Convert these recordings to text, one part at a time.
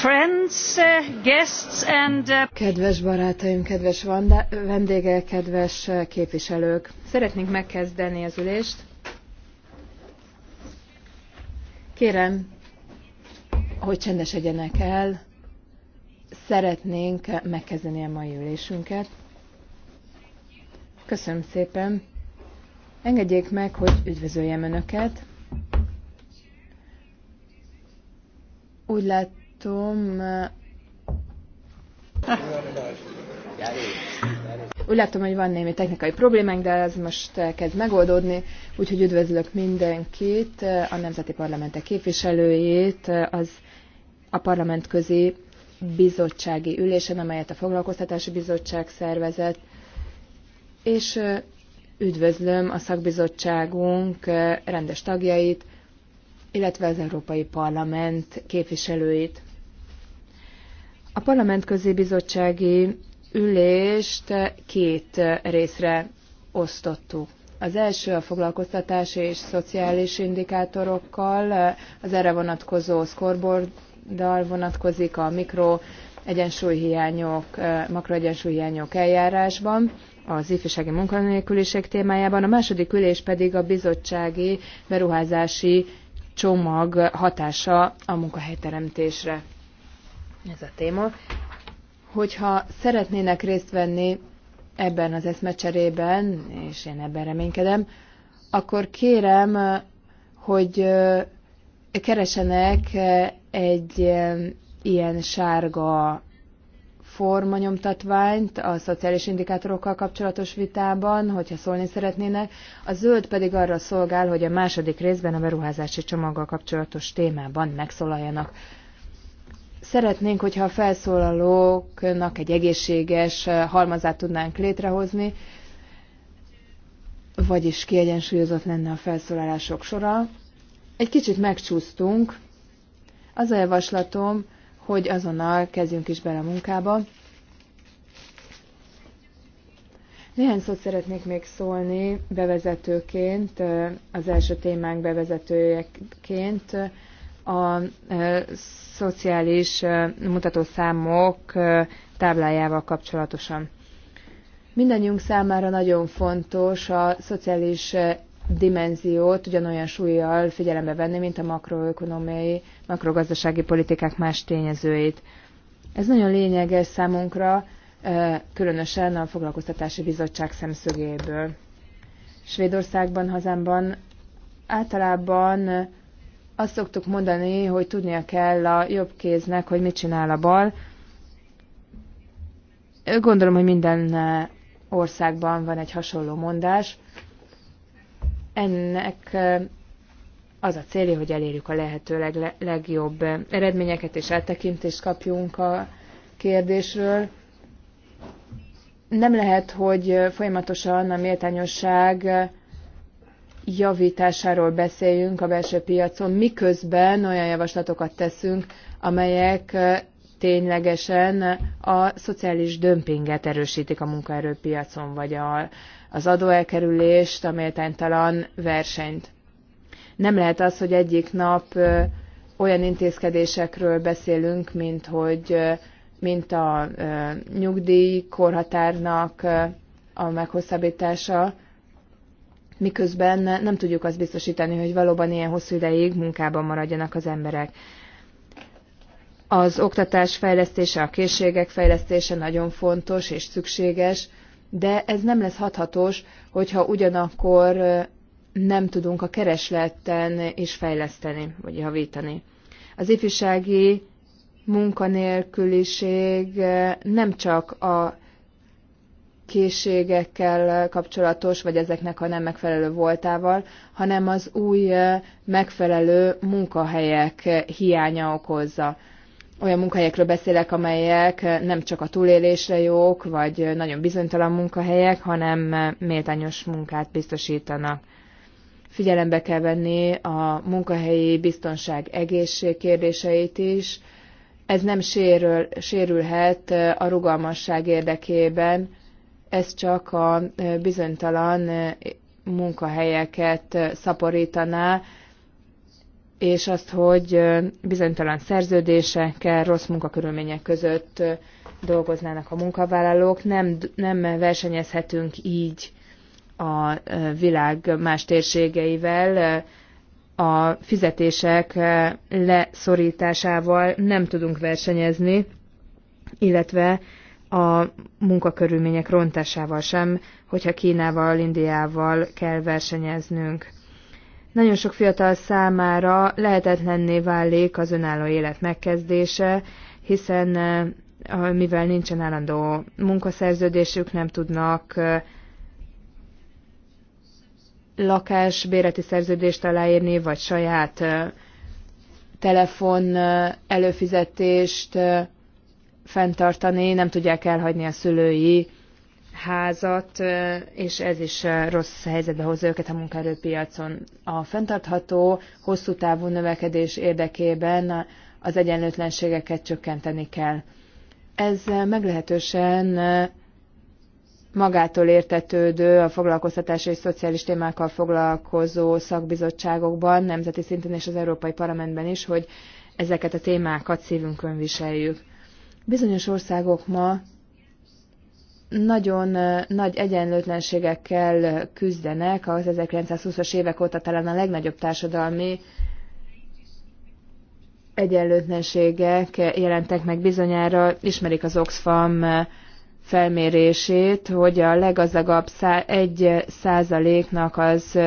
Friends, uh, guests and... Uh, kedves barátaim, kedves vendégek, kedves uh, képviselők! Szeretnénk megkezdeni az ülést. Kérem, hogy csendesedjenek el. Szeretnénk megkezdeni a mai ülésünket. Köszönöm szépen. Engedjék meg, hogy üdvözöljem Önöket. Úgy lett látom, úgy látom, hogy van némi technikai problémánk, de ez most kezd megoldódni, úgyhogy üdvözlök mindenkit, a Nemzeti Parlamentek képviselőjét, az a parlamentközi bizottsági ülésen, amelyet a Foglalkoztatási Bizottság szervezett, és üdvözlöm a szakbizottságunk rendes tagjait, illetve az Európai Parlament képviselőit. A Parlament Közébizottsági ülést két részre osztottuk. Az első a foglalkoztatási és szociális indikátorokkal, az erre vonatkozó scoreboarddal vonatkozik a mikro egyensúlyhiányok, makroegyensúlyhiányok eljárásban, az ifjúsági munkanélküliség témájában, a második ülés pedig a bizottsági beruházási csomag hatása a munkahelyteremtésre ez a téma, hogyha szeretnének részt venni ebben az eszmecserében, és én ebben reménykedem, akkor kérem, hogy eh, keresenek eh, egy eh, ilyen sárga formanyomtatványt a szociális indikátorokkal kapcsolatos vitában, hogyha szólni szeretnének. A zöld pedig arra szolgál, hogy a második részben a beruházási csomaggal kapcsolatos témában megszólaljanak. Szeretnénk, hogyha a felszólalóknak egy egészséges eh, halmazát tudnánk létrehozni, vagyis kiegyensúlyozott lenne a felszólalások sora. Egy kicsit megcsúsztunk. Az a javaslatom, hogy azonnal kezdjünk is bele a munkába. Néhány szót szeretnék még szólni bevezetőként, eh, az első témánk bevezetőjeként a e, szociális e, mutatószámok e, táblájával kapcsolatosan. Mindannyiunk számára nagyon fontos a szociális dimenziót ugyanolyan súlyjal figyelembe venni, mint a makroökonomiai, makrogazdasági politikák más tényezőit. Ez nagyon lényeges számunkra, különösen a Foglalkoztatási Bizottság szemszögéből. Svédországban, hazámban általában azt szoktuk mondani, hogy tudnia kell a jobb kéznek, hogy mit csinál a bal. Gondolom, hogy minden országban van egy hasonló mondás. Ennek az a célja, hogy elérjük a lehető leg, legjobb eredményeket és eltekintést kapjunk a kérdésről. Nem lehet, hogy folyamatosan a méltányosság javításáról beszéljünk a belső piacon, miközben olyan javaslatokat teszünk, amelyek ténylegesen a szociális dömpinget erősítik a munkaerőpiacon, vagy a, az adóelkerülést, a méltánytalan versenyt. Nem lehet az, hogy egyik nap olyan intézkedésekről beszélünk, mint hogy mint a nyugdíj korhatárnak a meghosszabbítása, miközben nem tudjuk azt biztosítani, hogy valóban ilyen hosszú ideig munkában maradjanak az emberek. Az oktatás fejlesztése, a készségek fejlesztése nagyon fontos és szükséges, de ez nem lesz hathatós, hogyha ugyanakkor nem tudunk a keresleten is fejleszteni, vagy javítani. Az ifjúsági munkanélküliség nem csak a készségekkel kapcsolatos, vagy ezeknek a nem megfelelő voltával, hanem az új megfelelő munkahelyek hiánya okozza. Olyan munkahelyekről beszélek, amelyek nem csak a túlélésre jók, vagy nagyon bizonytalan munkahelyek, hanem méltányos munkát biztosítanak. Figyelembe kell venni a munkahelyi biztonság egészség kérdéseit is. Ez nem sérül, sérülhet a rugalmasság érdekében, ez csak a e, bizonytalan e, munkahelyeket e, szaporítaná, és azt, hogy bizonytalan szerződésekkel, rossz munkakörülmények között dolgoznának a munkavállalók. Nem, nem versenyezhetünk így a világ más térségeivel, a fizetések leszorításával nem tudunk versenyezni, illetve a munkakörülmények rontásával sem, hogyha Kínával, Indiával kell versenyeznünk. Nagyon sok fiatal számára lehetetlenné válik az önálló élet megkezdése, hiszen eh, mivel nincsen állandó munkaszerződésük, nem tudnak eh, lakásbéreti szerződést aláírni, vagy saját eh, telefon előfizetést, fenntartani, nem tudják elhagyni a szülői házat, és ez is rossz helyzetbe hozza őket a munkaerőpiacon. A fenntartható, hosszú távú növekedés érdekében az egyenlőtlenségeket csökkenteni kell. Ez meglehetősen magától értetődő a foglalkoztatás és szociális témákkal foglalkozó szakbizottságokban, nemzeti szinten és az Európai Parlamentben is, hogy ezeket a témákat szívünkön viseljük. Bizonyos országok ma nagyon nagy egyenlőtlenségekkel küzdenek, az 1920-as évek óta talán a legnagyobb társadalmi egyenlőtlenségek jelentek meg bizonyára, ismerik az Oxfam felmérését, hogy a leggazdagabb egy százaléknak az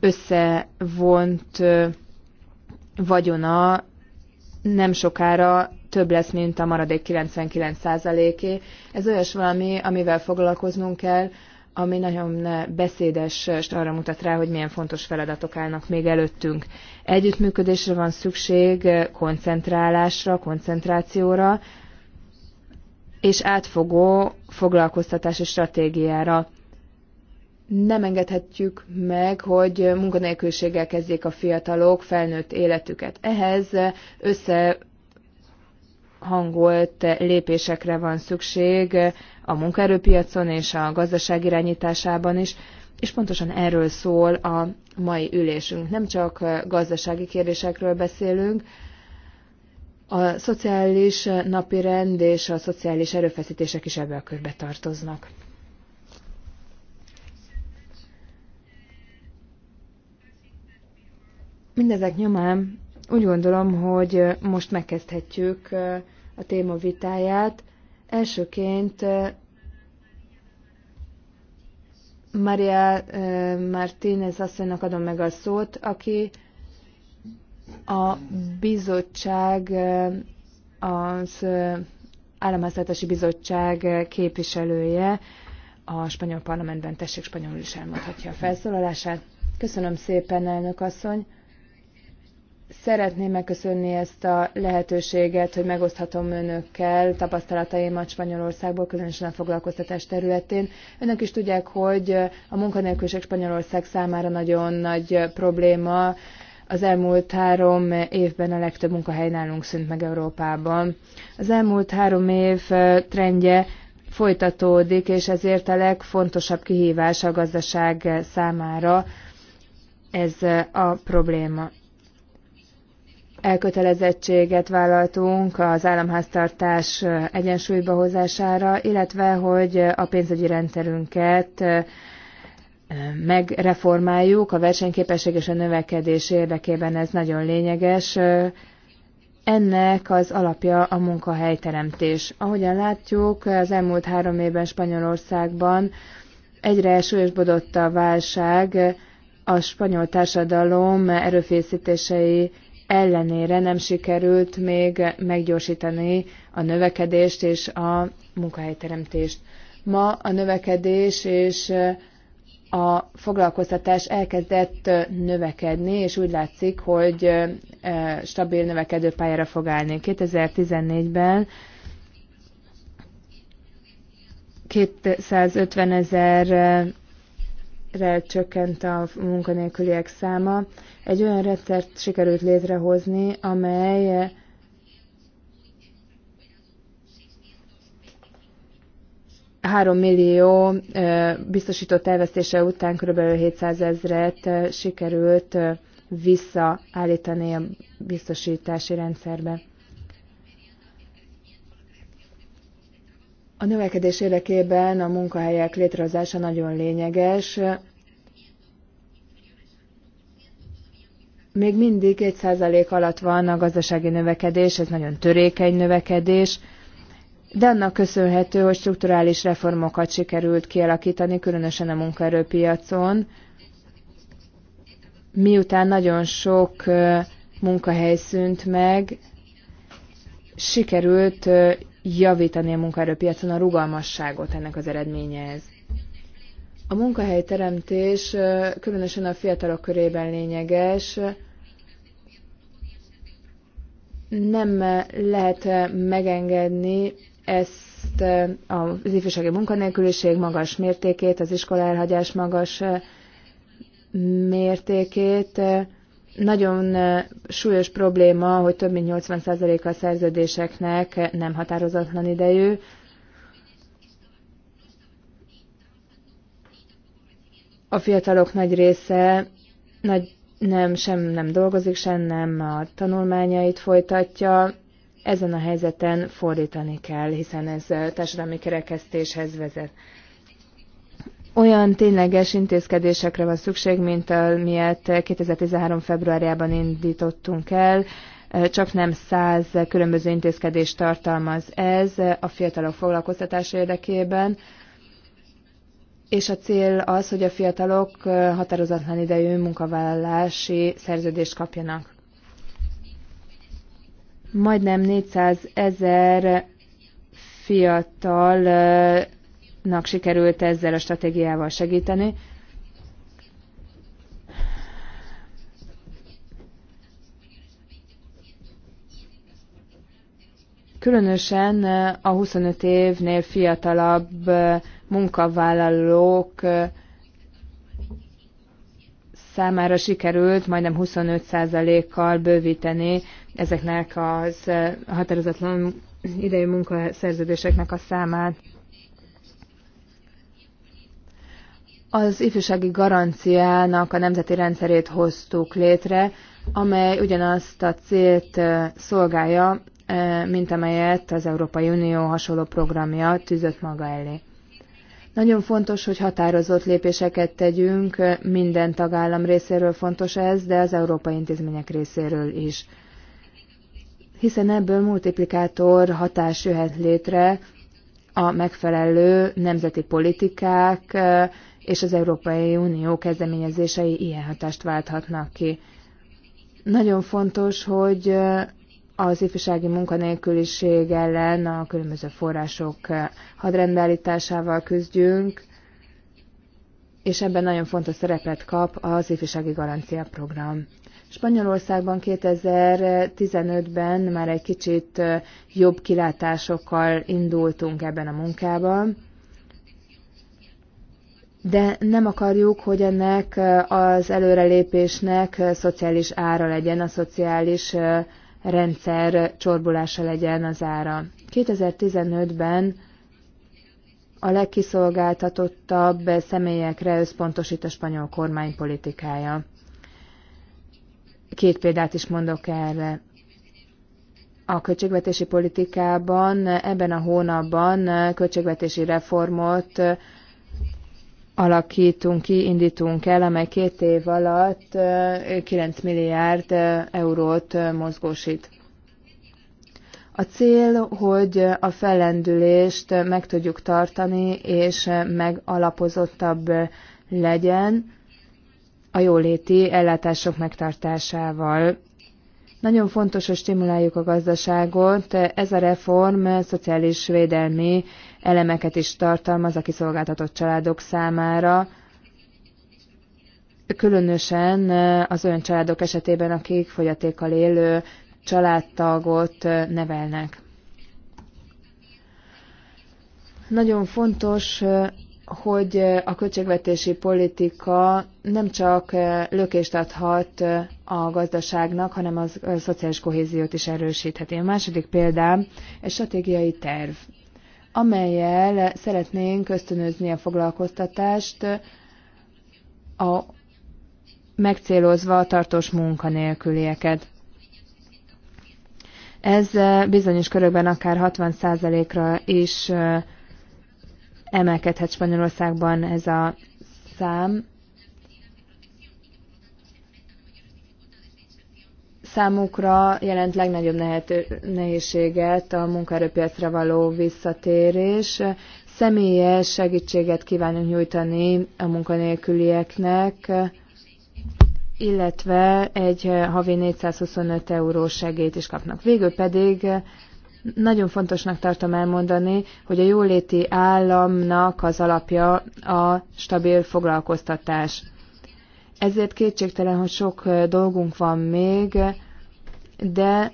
összevont vagyona nem sokára több lesz, mint a maradék 99%-é. Ez olyas valami, amivel foglalkoznunk kell, ami nagyon beszédes, és arra mutat rá, hogy milyen fontos feladatok állnak még előttünk. Együttműködésre van szükség, koncentrálásra, koncentrációra, és átfogó foglalkoztatási stratégiára. Nem engedhetjük meg, hogy munkanélkülséggel kezdjék a fiatalok felnőtt életüket. Ehhez össze összehangolt lépésekre van szükség a munkaerőpiacon és a gazdaság irányításában is, és pontosan erről szól a mai ülésünk. Nem csak gazdasági kérdésekről beszélünk, a szociális napirend és a szociális erőfeszítések is ebbe a körbe tartoznak. Mindezek nyomán úgy gondolom, hogy most megkezdhetjük a téma vitáját. Elsőként Maria Martínez asszonynak adom meg a szót, aki a bizottság, az államháztartási bizottság képviselője a spanyol parlamentben. Tessék, spanyolul is elmondhatja a felszólalását. Köszönöm szépen, elnök asszony! Szeretném megköszönni ezt a lehetőséget, hogy megoszthatom önökkel tapasztalataimat Spanyolországból, különösen a foglalkoztatás területén. Önök is tudják, hogy a munkanélküliség Spanyolország számára nagyon nagy probléma. Az elmúlt három évben a legtöbb munkahely nálunk szűnt meg Európában. Az elmúlt három év trendje folytatódik, és ezért a legfontosabb kihívás a gazdaság számára ez a probléma elkötelezettséget vállaltunk az államháztartás egyensúlyba hozására, illetve hogy a pénzügyi rendszerünket megreformáljuk a versenyképesség és a növekedés érdekében, ez nagyon lényeges. Ennek az alapja a munkahelyteremtés. Ahogyan látjuk, az elmúlt három évben Spanyolországban egyre súlyosbodott a válság, a spanyol társadalom erőfészítései ellenére nem sikerült még meggyorsítani a növekedést és a munkahelyteremtést. Ma a növekedés és a foglalkoztatás elkezdett növekedni, és úgy látszik, hogy e, stabil növekedő pályára fog állni. 2014-ben 250 ezer re csökkent a munkanélküliek száma. Egy olyan rendszert sikerült létrehozni, amely eh, három millió eh, biztosított elvesztése után kb. 700 ezret eh, sikerült visszaállítani a biztosítási rendszerbe. A növekedés érdekében a munkahelyek létrehozása nagyon lényeges. Még mindig 1% alatt van a gazdasági növekedés, ez nagyon törékeny növekedés, de annak köszönhető, hogy strukturális reformokat sikerült kialakítani, különösen a munkaerőpiacon, miután nagyon sok munkahely szűnt meg, sikerült javítani a munkaerőpiacon a rugalmasságot, ennek az eredménye ez. A munkahelyteremtés különösen a fiatalok körében lényeges. Nem lehet megengedni ezt az ifjúsági munkanélküliség magas mértékét, az iskola elhagyás magas mértékét, nagyon súlyos probléma, hogy több mint 80%-a a szerződéseknek nem határozatlan idejű. A fiatalok nagy része nagy, nem, sem nem dolgozik, sem nem a tanulmányait folytatja. Ezen a helyzeten fordítani kell, hiszen ez társadalmi kerekesztéshez vezet olyan tényleges intézkedésekre van szükség, mint amilyet 2013. februárjában indítottunk el, csak nem száz különböző intézkedést tartalmaz ez a fiatalok foglalkoztatása érdekében, és a cél az, hogy a fiatalok határozatlan idejű munkavállalási szerződést kapjanak. Majdnem 400 ezer fiatal nak sikerült ezzel a stratégiával segíteni. Különösen a 25 évnél fiatalabb munkavállalók számára sikerült majdnem 25%-kal bővíteni ezeknek az határozatlan idejű munkaszerződéseknek a számát. Az ifjúsági garanciának a nemzeti rendszerét hoztuk létre, amely ugyanazt a célt szolgálja, mint amelyet az Európai Unió hasonló programja tűzött maga elé. Nagyon fontos, hogy határozott lépéseket tegyünk, minden tagállam részéről fontos ez, de az európai intézmények részéről is. Hiszen ebből multiplikátor hatás jöhet létre a megfelelő nemzeti politikák, és az Európai Unió kezdeményezései ilyen hatást válthatnak ki. Nagyon fontos, hogy az ifjúsági munkanélküliség ellen a különböző források hadrendbeállításával küzdjünk, és ebben nagyon fontos szerepet kap az ifjúsági garancia program. Spanyolországban 2015-ben már egy kicsit jobb kilátásokkal indultunk ebben a munkában, de nem akarjuk, hogy ennek az előrelépésnek szociális ára legyen, a szociális rendszer csorbulása legyen az ára. 2015-ben a legkiszolgáltatottabb személyekre összpontosít a spanyol kormány politikája. Két példát is mondok erre. A költségvetési politikában ebben a hónapban költségvetési reformot alakítunk ki, indítunk el, amely két év alatt 9 milliárd eurót mozgósít. A cél, hogy a fellendülést meg tudjuk tartani, és megalapozottabb legyen a jóléti ellátások megtartásával. Nagyon fontos, hogy stimuláljuk a gazdaságot. Ez a reform szociális védelmi elemeket is tartalmaz a kiszolgáltatott családok számára, különösen az olyan családok esetében, akik fogyatékkal élő családtagot nevelnek. Nagyon fontos, hogy a költségvetési politika nem csak lökést adhat a gazdaságnak, hanem az a szociális kohéziót is erősítheti. A második példám egy stratégiai terv amelyel szeretnénk ösztönözni a foglalkoztatást, a, megcélozva a tartós munkanélkülieket. Ez bizonyos körökben akár 60%-ra is emelkedhet Spanyolországban ez a szám. számukra jelent legnagyobb nehézséget a munkaerőpiacra való visszatérés. Személyes segítséget kívánunk nyújtani a munkanélkülieknek, illetve egy havi 425 eurós segélyt is kapnak. Végül pedig nagyon fontosnak tartom elmondani, hogy a jóléti államnak az alapja a stabil foglalkoztatás ezért kétségtelen, hogy sok dolgunk van még, de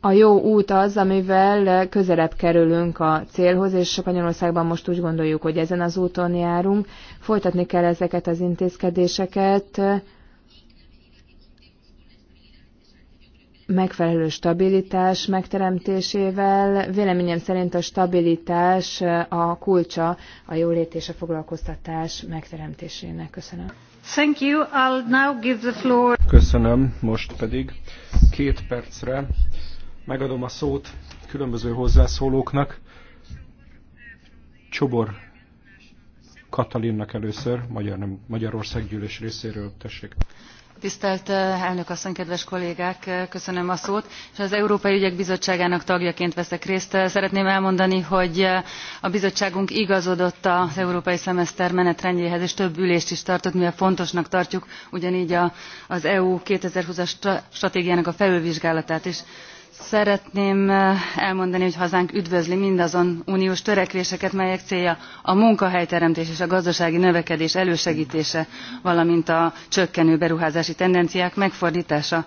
a jó út az, amivel közelebb kerülünk a célhoz, és Spanyolországban most úgy gondoljuk, hogy ezen az úton járunk. Folytatni kell ezeket az intézkedéseket, megfelelő stabilitás megteremtésével. Véleményem szerint a stabilitás a kulcsa a jólét és a foglalkoztatás megteremtésének. Köszönöm. Thank you. I'll now give the floor. Köszönöm. Most pedig két percre megadom a szót különböző hozzászólóknak. Csobor Katalinnak először, Magyar, nem, Magyarország gyűlés részéről, tessék tisztelt eh, elnök asszony kedves kollégák eh, köszönöm a szót és az európai ügyek bizottságának tagjaként veszek részt. Eh, szeretném elmondani hogy a bizottságunk igazodott az európai szemeszter menetrendjéhez és több ülést is tartott mivel fontosnak tartjuk ugyangy az eu two thousand and twenty as stratégiának a felülvizsgálatát is szeretném eh, elmondani hogy hazánk üdvözli mindazon uniós törekvéseket melyek célja a munkahelyteremtés és a gazdasági növekedés elősegtése valamint a csökkenő beruházási tendenciák megfordtása.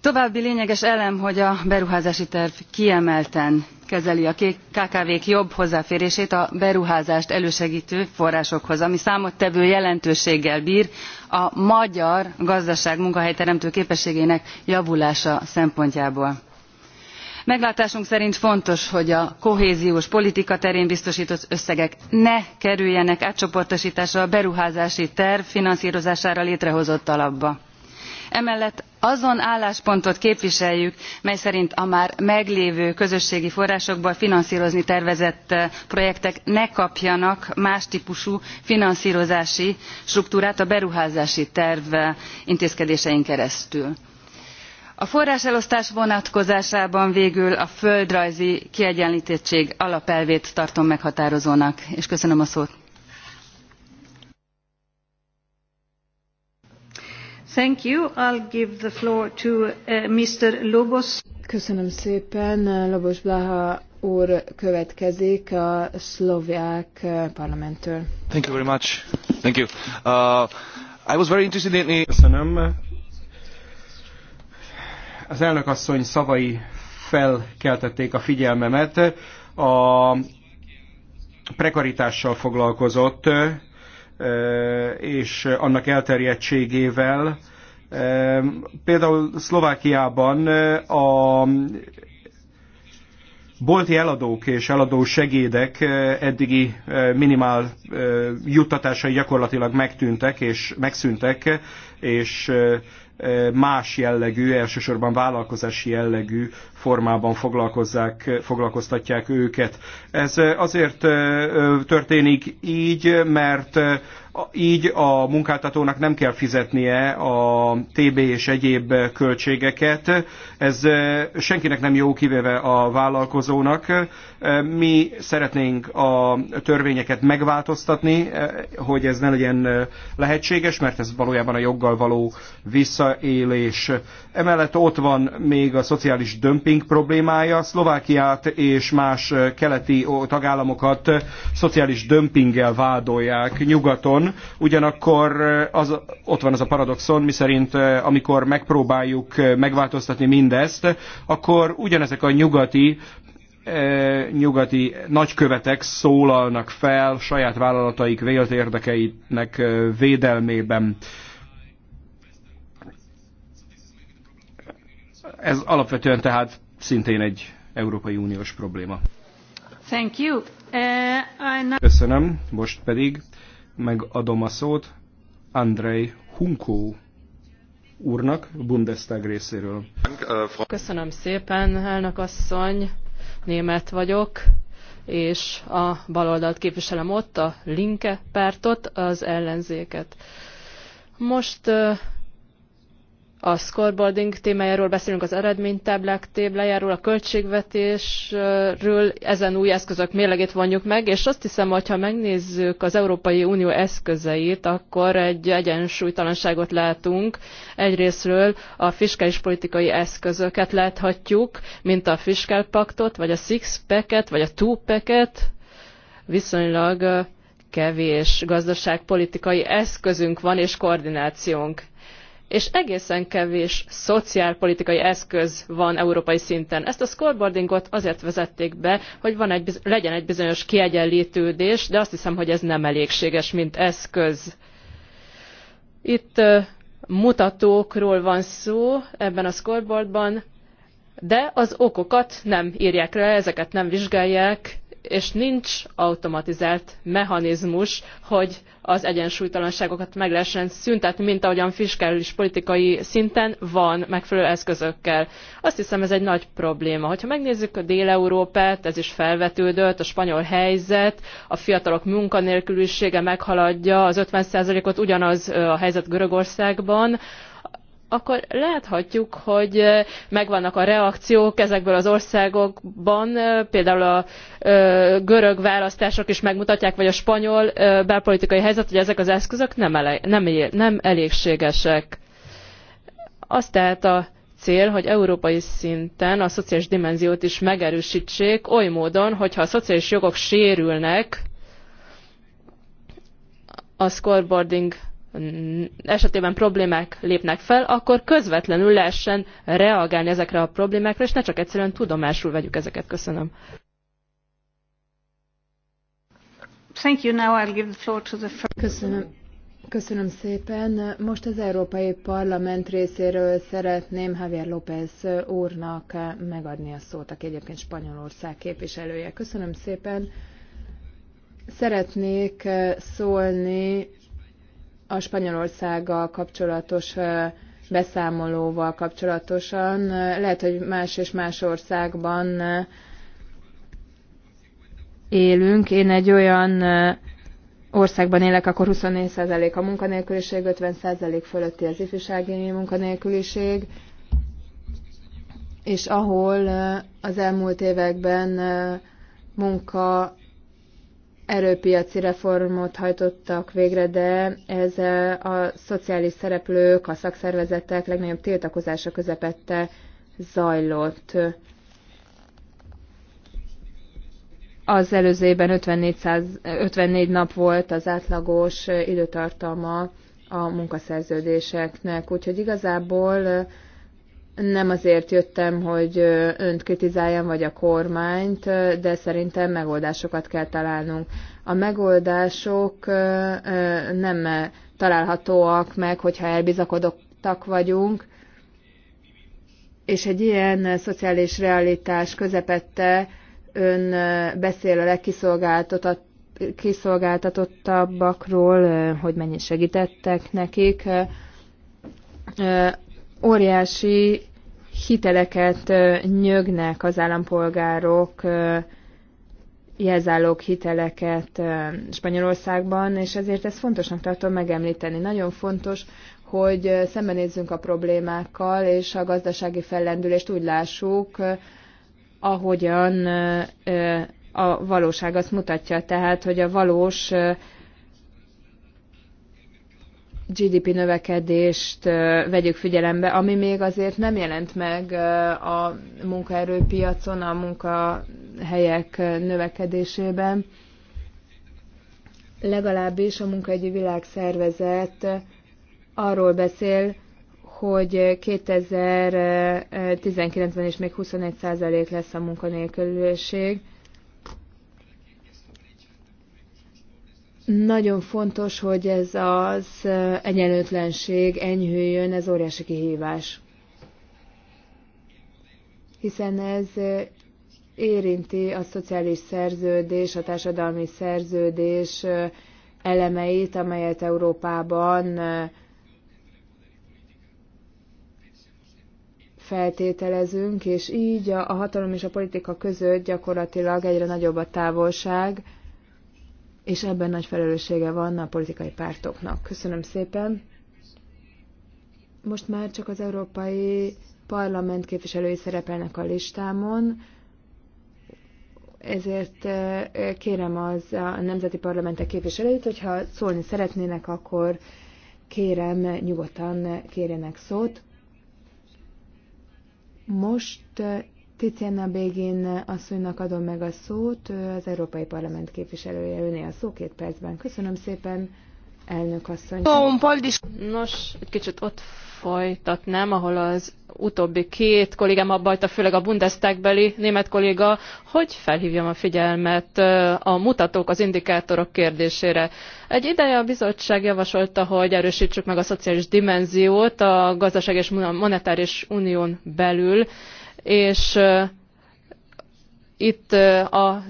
további lényeges elem hogy a beruházási terv kiemelten kezeli a kkv k jobb hozzáférését a beruházást elősegtő forrásokhoz ami számottevő jelentőséggel br a magyar gazdaság munkahelyteremtő képességének javulása szempontjából. meglátásunk szerint fontos hogy a kohéziós politika terén biztostott összegek ne kerüljenek átcsoportostásra a beruházási terv finanszrozására létrehozott alapba emellett azon álláspontot képviseljük mely szerint a már meglévő közösségi forrásokból finanszrozni tervezett eh, projektek ne kapjanak más tpusú finanszrozási struktúrát a beruházási terv eh, intézkedésein keresztül a forráselosztás vonatkozásában végül a földrajzi kiegyenltettség alapelvét tartom meghatározónak és köszönöm a szót. Thank you. I'll give the floor to uh, Mr. Lobos. Köszönöm szépen. Lobos Blaha úr következik a szlovák uh, parlamenttől. Thank you very much. Thank you. Uh, I was very interested in... Köszönöm. Az elnökasszony szavai felkeltették a figyelmemet. A prekaritással foglalkozott és annak elterjedtségével. Például Szlovákiában a bolti eladók és eladó segédek eddigi minimál juttatásai gyakorlatilag megtűntek és megszűntek, és más jellegű, elsősorban vállalkozási jellegű formában foglalkozzák, foglalkoztatják őket. Ez azért történik így, mert így a munkáltatónak nem kell fizetnie a TB és egyéb költségeket. Ez senkinek nem jó, kivéve a vállalkozónak. Mi szeretnénk a törvényeket megváltoztatni, hogy ez ne legyen lehetséges, mert ez valójában a joggal való visszaélés. Emellett ott van még a szociális dömping problémája. Szlovákiát és más keleti tagállamokat szociális dömpinggel vádolják nyugaton paradoxon, ugyanakkor eh, az, ott van az a paradoxon, miszerint eh, amikor megpróbáljuk eh, megváltoztatni mindezt, akkor ugyanezek a nyugati nyugati nagykövetek szólalnak fel saját vállalataik vélt érdekeinek védelmében. Ez alapvetően tehát szintén egy Európai Uniós probléma. Thank you. Uh, I... Köszönöm. Most pedig megadom a szót Andrei Hunkó úrnak Bundestag részéről. Köszönöm szépen, elnök asszony, német vagyok, és a baloldalt képviselem ott, a Linke pártot, az ellenzéket. Most a scoreboarding témájáról beszélünk, az eredménytáblák témájáról a költségvetésről, ezen új eszközök mérlegét vonjuk meg, és azt hiszem, hogy ha megnézzük az Európai Unió eszközeit, akkor egy egyensúlytalanságot látunk. Egyrésztről a fiskális politikai eszközöket láthatjuk, mint a fiskálpaktot, vagy a six-packet, vagy a two-packet, viszonylag kevés gazdaságpolitikai eszközünk van és koordinációnk és egészen kevés szociálpolitikai eszköz van európai szinten. Ezt a scoreboardingot azért vezették be, hogy van egy, legyen egy bizonyos kiegyenlítődés, de azt hiszem, hogy ez nem elégséges, mint eszköz. Itt mutatókról van szó ebben a scoreboardban, de az okokat nem írják le, ezeket nem vizsgálják, és nincs automatizált mechanizmus, hogy az egyensúlytalanságokat meg lehessen szüntetni, mint ahogyan fiskális politikai szinten van megfelelő eszközökkel. Azt hiszem ez egy nagy probléma. Hogyha megnézzük a Dél-Európát, ez is felvetődött, a spanyol helyzet, a fiatalok munkanélkülisége meghaladja az 50%-ot, ugyanaz a helyzet Görögországban, akkor láthatjuk, hogy megvannak a reakciók ezekből az országokban, például a görög választások is megmutatják, vagy a spanyol belpolitikai helyzet, hogy ezek az eszközök nem, ele, nem, nem elégségesek. Az tehát a cél, hogy európai szinten a szociális dimenziót is megerősítsék, oly módon, hogyha a szociális jogok sérülnek, a scoreboarding esetében problémák lépnek fel, akkor közvetlenül lehessen reagálni ezekre a problémákra, és ne csak egyszerűen tudomásul vegyük ezeket. Köszönöm. Thank you. Now I'll give the floor to the Köszönöm. Köszönöm szépen. Most az Európai Parlament részéről szeretném Javier López úrnak megadni a szót, aki egyébként Spanyolország képviselője. Köszönöm szépen. Szeretnék szólni a Spanyolországgal kapcsolatos beszámolóval kapcsolatosan. Lehet, hogy más és más országban élünk. Én egy olyan országban élek, akkor 24% a munkanélküliség, 50% fölötti az ifjúsági munkanélküliség, és ahol az elmúlt években munka erőpiaci reformot hajtottak végre, de ez a szociális szereplők, a szakszervezetek legnagyobb tiltakozása közepette zajlott. Az előzőben 54, 54 nap volt az átlagos időtartalma a munkaszerződéseknek, úgyhogy igazából nem azért jöttem, hogy önt kritizáljam, vagy a kormányt, de szerintem megoldásokat kell találnunk. A megoldások nem találhatóak meg, hogyha elbizakodottak vagyunk, és egy ilyen szociális realitás közepette ön beszél a legkiszolgáltatottabbakról, hogy mennyit segítettek nekik óriási hiteleket nyögnek az állampolgárok, jelzálók hiteleket Spanyolországban, és ezért ezt fontosnak tartom megemlíteni. Nagyon fontos, hogy szembenézzünk a problémákkal, és a gazdasági fellendülést úgy lássuk, ahogyan a valóság azt mutatja, tehát, hogy a valós GDP növekedést vegyük figyelembe, ami még azért nem jelent meg a munkaerőpiacon, a munkahelyek növekedésében. Legalábbis a munkaegyi világszervezet arról beszél, hogy 2019-ben is még 21% lesz a munkanélküliség, Nagyon fontos, hogy ez az egyenlőtlenség enyhüljön, ez óriási kihívás. Hiszen ez érinti a szociális szerződés, a társadalmi szerződés elemeit, amelyet Európában feltételezünk, és így a hatalom és a politika között gyakorlatilag egyre nagyobb a távolság, és ebben nagy felelőssége van a politikai pártoknak. Köszönöm szépen. Most már csak az Európai Parlament képviselői szerepelnek a listámon, ezért eh, kérem az a nemzeti parlamentek képviselőit, hogyha szólni szeretnének, akkor kérem, nyugodtan kérjenek szót. Most eh, Tiziana Bégin asszonynak adom meg a szót, az Európai Parlament képviselője, önél a szó két percben. Köszönöm szépen, elnök asszony. Nos, egy kicsit ott folytatnám, ahol az utóbbi két kollégám abbajta, főleg a Bundestagbeli német kolléga, hogy felhívjam a figyelmet a mutatók, az indikátorok kérdésére. Egy ideje a bizottság javasolta, hogy erősítsük meg a szociális dimenziót a gazdaság és monetáris unión belül, és itt a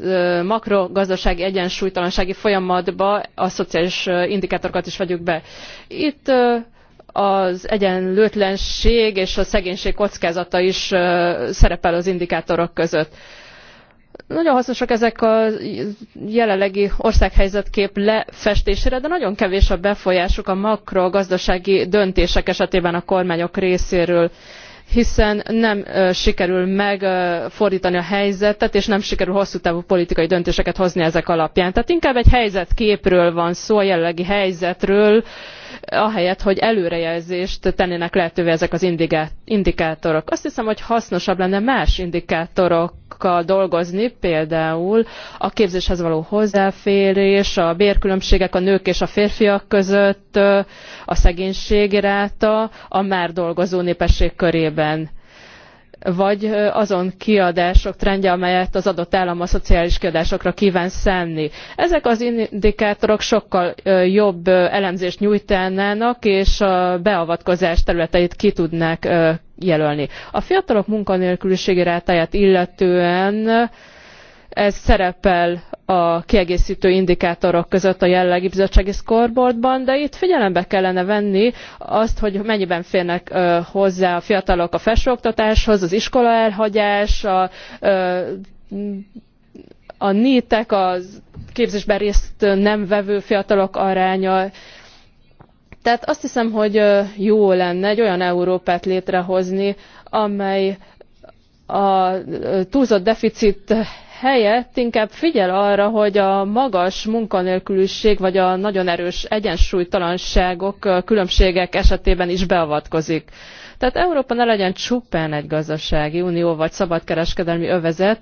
makrogazdasági egyensúlytalansági folyamatba a szociális indikátorokat is vegyük be. Itt az egyenlőtlenség és a szegénység kockázata is szerepel az indikátorok között. Nagyon hasznosak ezek a jelenlegi országhelyzetkép lefestésére, de nagyon kevés a befolyásuk a makrogazdasági döntések esetében a kormányok részéről hiszen nem sikerül megfordítani a helyzetet, és nem sikerül hosszú távú politikai döntéseket hozni ezek alapján. Tehát inkább egy helyzetképről van szó, a jelenlegi helyzetről, ahelyett, hogy előrejelzést tennének lehetővé ezek az indikátorok. Azt hiszem, hogy hasznosabb lenne más indikátorok dolgokkal dolgozni, például a képzéshez való hozzáférés, a bérkülönbségek a nők és a férfiak között, a szegénység ráta a már dolgozó népesség körében vagy azon kiadások trendje, amelyet az adott állam a szociális kiadásokra kíván szenni. Ezek az indikátorok sokkal jobb elemzést nyújtanának, és a beavatkozás területeit ki tudnák jelölni. A fiatalok munkanélküliségi rátáját illetően ez szerepel a kiegészítő indikátorok között a jelenlegi bizottsági scoreboardban, de itt figyelembe kellene venni azt, hogy mennyiben férnek hozzá a fiatalok a felsőoktatáshoz, az iskola elhagyás, a, a nítek, a képzésben részt nem vevő fiatalok aránya, tehát azt hiszem, hogy jó lenne egy olyan Európát létrehozni, amely a túlzott deficit helyett inkább figyel arra, hogy a magas munkanélküliség vagy a nagyon erős egyensúlytalanságok, különbségek esetében is beavatkozik. Tehát Európa ne legyen csupán egy gazdasági unió vagy szabadkereskedelmi övezet,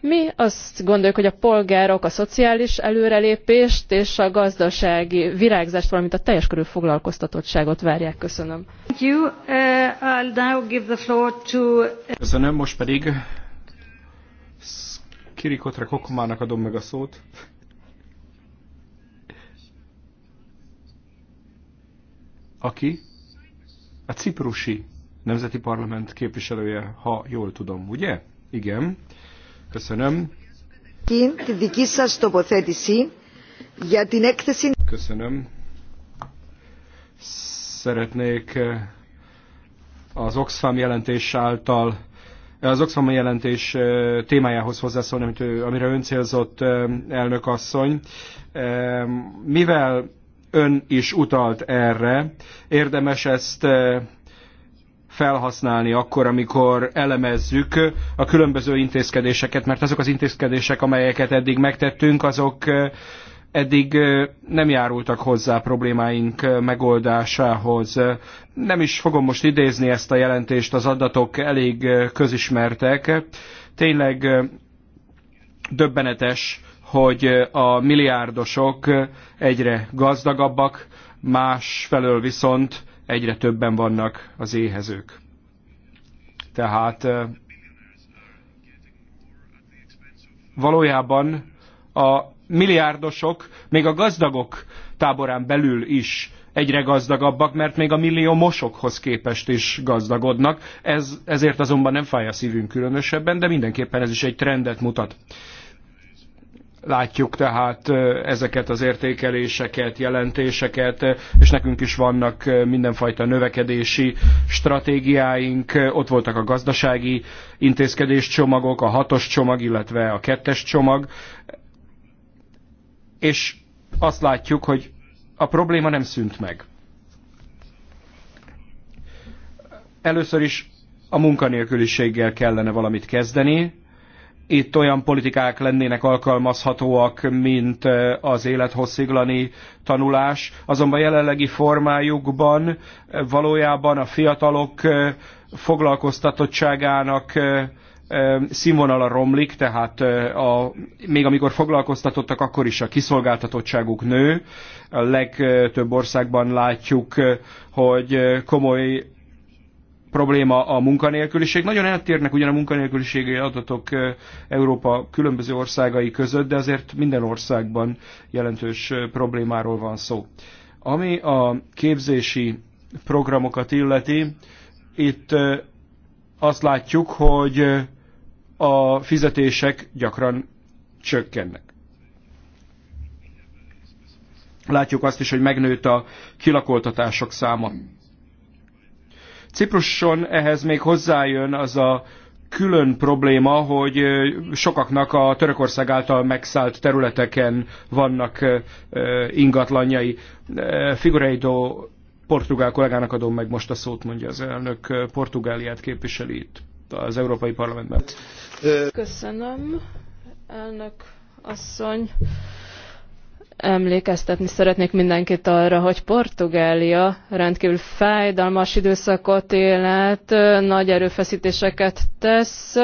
mi azt gondoljuk, hogy a polgárok a szociális előrelépést és a gazdasági virágzást, valamint a teljes körű foglalkoztatottságot várják. Köszönöm. Uh, Köszönöm, most pedig Kirikotra Kokomának adom meg a szót. Aki a ciprusi nemzeti parlament képviselője, ha jól tudom, ugye? Igen. Köszönöm. Köszönöm. Szeretnék eh, az Oxfam jelentés által az Oxfam jelentés témájához hozzászólni, amit ő, amire ön célzott elnök asszony. Mivel ön is utalt erre, érdemes ezt felhasználni akkor, amikor elemezzük a különböző intézkedéseket, mert azok az intézkedések, amelyeket eddig megtettünk, azok eddig nem járultak hozzá problémáink megoldásához. Nem is fogom most idézni ezt a jelentést, az adatok elég közismertek. Tényleg döbbenetes, hogy a milliárdosok egyre gazdagabbak, másfelől viszont egyre többen vannak az éhezők. Tehát valójában a milliárdosok, még a gazdagok táborán belül is egyre gazdagabbak, mert még a millió mosokhoz képest is gazdagodnak. Ez, ezért azonban nem fáj a szívünk különösebben, de mindenképpen ez is egy trendet mutat. Látjuk tehát ezeket az értékeléseket, jelentéseket, és nekünk is vannak mindenfajta növekedési stratégiáink. Ott voltak a gazdasági intézkedéscsomagok, a hatos csomag, illetve a kettes csomag és azt látjuk, hogy a probléma nem szűnt meg. Először is a munkanélküliséggel kellene valamit kezdeni. Itt olyan politikák lennének alkalmazhatóak, mint az élethossziglani tanulás, azonban jelenlegi formájukban valójában a fiatalok foglalkoztatottságának színvonala romlik, tehát a, még amikor foglalkoztatottak, akkor is a kiszolgáltatottságuk nő. A legtöbb országban látjuk, hogy komoly probléma a munkanélküliség. Nagyon eltérnek ugyan a munkanélküliségi adatok Európa különböző országai között, de azért minden országban jelentős problémáról van szó. Ami a képzési programokat illeti, itt azt látjuk, hogy a fizetések gyakran csökkennek. Látjuk azt is, hogy megnőtt a kilakoltatások száma. Cipruson ehhez még hozzájön az a külön probléma, hogy sokaknak a Törökország által megszállt területeken vannak ingatlanjai. Figureido portugál kollégának adom meg most a szót, mondja az elnök. Portugáliát képviseli itt az Európai Parlamentben. Köszönöm, elnök asszony. Emlékeztetni szeretnék mindenkit arra, hogy Portugália rendkívül fájdalmas időszakot él át, nagy erőfeszítéseket tesz.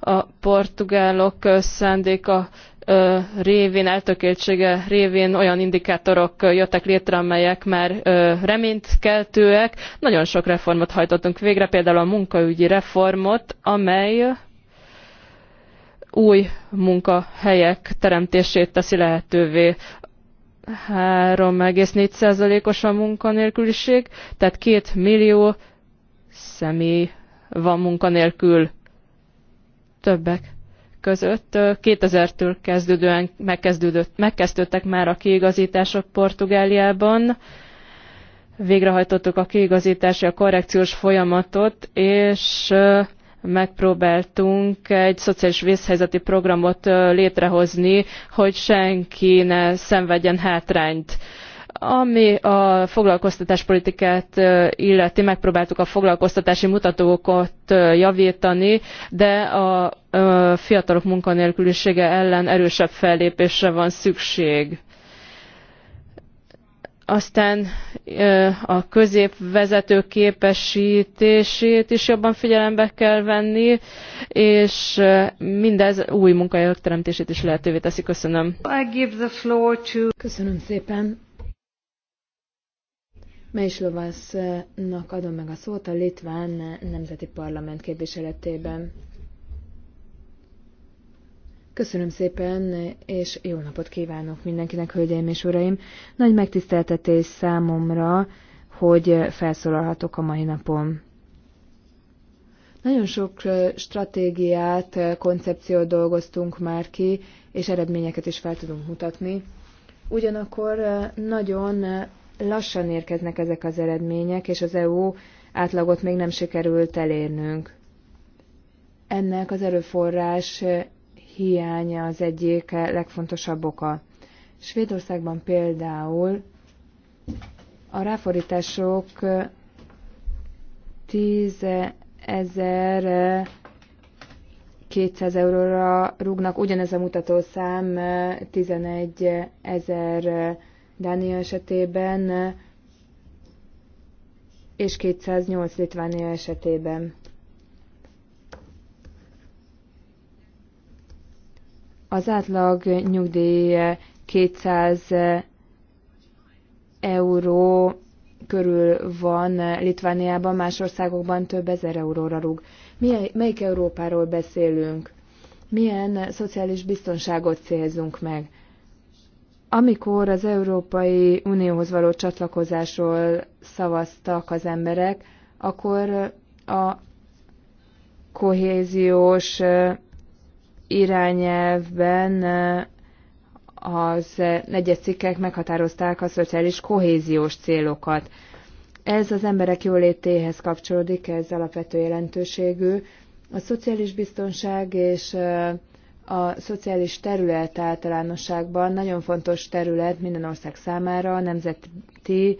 A portugálok szándéka révén, eltökéltsége révén olyan indikátorok jöttek létre, amelyek már reményt keltőek. Nagyon sok reformot hajtottunk végre, például a munkaügyi reformot, amely új munkahelyek teremtését teszi lehetővé. 3,4%-os a munkanélküliség, tehát 2 millió személy van munkanélkül többek között. 2000-től kezdődően megkezdődött, megkezdődtek már a kiigazítások Portugáliában. Végrehajtottuk a kiigazítási, a korrekciós folyamatot, és megpróbáltunk egy szociális vészhelyzeti programot létrehozni, hogy senki ne szenvedjen hátrányt. Ami a foglalkoztatáspolitikát illeti, megpróbáltuk a foglalkoztatási mutatókat javítani, de a fiatalok munkanélkülisége ellen erősebb fellépésre van szükség aztán a középvezető képesítését is jobban figyelembe kell venni, és mindez új munkahelyek teremtését is lehetővé teszi. Köszönöm. I give the floor to... Köszönöm szépen. Meislovásznak adom meg a szót a Litván Nemzeti Parlament képviseletében. Köszönöm szépen, és jó napot kívánok mindenkinek, hölgyeim és uraim! Nagy megtiszteltetés számomra, hogy felszólalhatok a mai napon. Nagyon sok stratégiát, koncepciót dolgoztunk már ki, és eredményeket is fel tudunk mutatni. Ugyanakkor nagyon lassan érkeznek ezek az eredmények, és az EU átlagot még nem sikerült elérnünk. Ennek az erőforrás hiánya az egyik legfontosabb oka. Svédországban például a ráforítások 10 ezer 200 euróra rúgnak, ugyanez a mutatószám 11 ezer Dánia esetében, és 208 Litvánia esetében. Az átlag nyugdíj 200 euró körül van Litvániában, más országokban több ezer euróra rúg. Milyen, melyik Európáról beszélünk? Milyen szociális biztonságot célzunk meg? Amikor az Európai Unióhoz való csatlakozásról szavaztak az emberek, akkor a kohéziós irányelvben eh, az eh, negyed cikkek meghatározták a szociális kohéziós célokat. Ez az emberek jólétéhez kapcsolódik, ez alapvető jelentőségű. A szociális biztonság és eh, a szociális terület általánosságban nagyon fontos terület minden ország számára, a nemzeti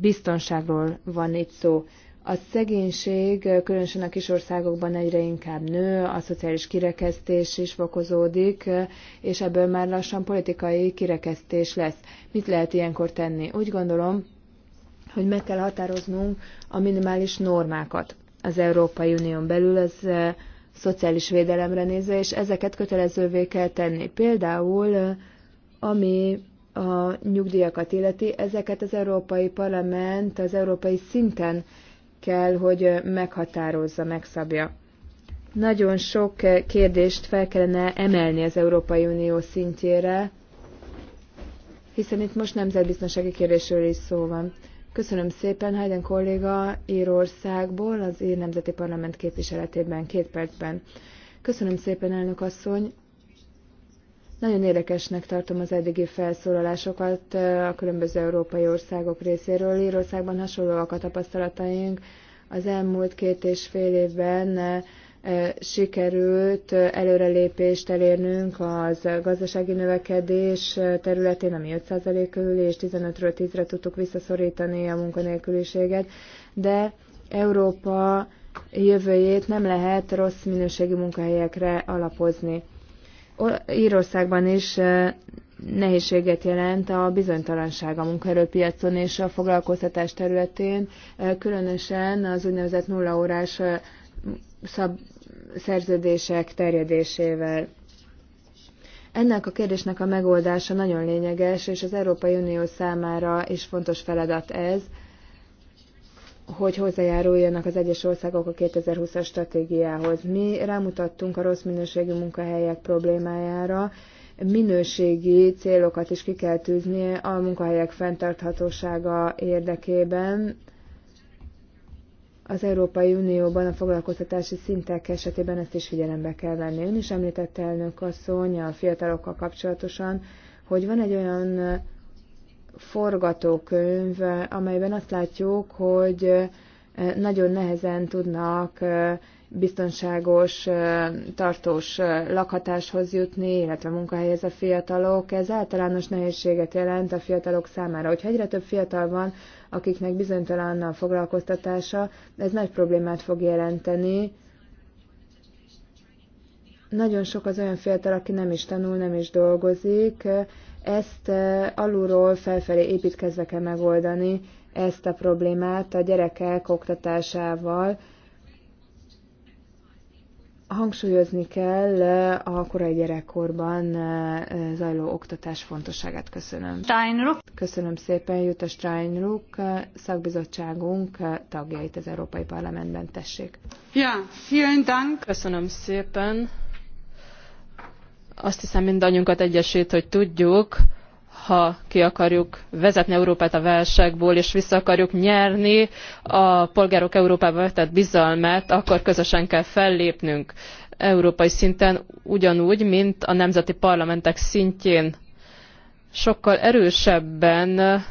biztonságról van itt szó. A szegénység különösen a kis országokban egyre inkább nő, a szociális kirekesztés is fokozódik, és ebből már lassan politikai kirekesztés lesz. Mit lehet ilyenkor tenni? Úgy gondolom, hogy meg kell határoznunk a minimális normákat az Európai Unión belül, az eh, szociális védelemre nézve, és ezeket kötelezővé kell tenni. Például, eh, ami a nyugdíjakat illeti, ezeket az Európai Parlament az európai szinten kell, hogy meghatározza, megszabja. Nagyon sok kérdést fel kellene emelni az Európai Unió szintjére, hiszen itt most nemzetbiztonsági kérdésről is szó van. Köszönöm szépen, Hayden kolléga Írországból, az Ír Nemzeti Parlament képviseletében két percben. Köszönöm szépen, elnök asszony. Nagyon érdekesnek tartom az eddigi felszólalásokat a különböző európai országok részéről. Írországban hasonlóak a tapasztalataink. Az elmúlt két és fél évben sikerült előrelépést elérnünk az gazdasági növekedés területén, ami 5% körül, és 15-ről 10-re tudtuk visszaszorítani a munkanélküliséget, de Európa jövőjét nem lehet rossz minőségi munkahelyekre alapozni. Írországban is nehézséget jelent a bizonytalanság a munkaerőpiacon és a foglalkoztatás területén, különösen az úgynevezett nullaórás szab szerződések terjedésével. Ennek a kérdésnek a megoldása nagyon lényeges, és az Európai Unió számára is fontos feladat ez, hogy hozzájáruljanak az egyes országok a 2020-as stratégiához. Mi rámutattunk a rossz minőségű munkahelyek problémájára, minőségi célokat is ki kell tűzni a munkahelyek fenntarthatósága érdekében. Az Európai Unióban a foglalkoztatási szintek esetében ezt is figyelembe kell venni. Ön is említette elnök asszony a fiatalokkal kapcsolatosan, hogy van egy olyan forgatókönyv, amelyben azt látjuk, hogy eh, nagyon nehezen tudnak eh, biztonságos, eh, tartós lakhatáshoz jutni, illetve munkahelyhez a fiatalok. Ez általános nehézséget jelent a fiatalok számára. Hogyha egyre több fiatal van, akiknek bizonytalan a foglalkoztatása, ez nagy problémát fog jelenteni. Nagyon sok az olyan fiatal, aki nem is tanul, nem is dolgozik, ezt alulról felfelé építkezve kell megoldani, ezt a problémát a gyerekek oktatásával. Hangsúlyozni kell a korai gyerekkorban zajló oktatás fontosságát. Köszönöm. Steinruck. Köszönöm szépen, Jutta Steinruck, szakbizottságunk tagjait az Európai Parlamentben. Tessék. Ja, vielen Dank. Köszönöm szépen. Azt hiszem mindannyiunkat egyesít, hogy tudjuk, ha ki akarjuk vezetni Európát a válságból, és vissza akarjuk nyerni a polgárok Európába vetett bizalmát, akkor közösen kell fellépnünk európai szinten, ugyanúgy, mint a nemzeti parlamentek szintjén. Sokkal erősebben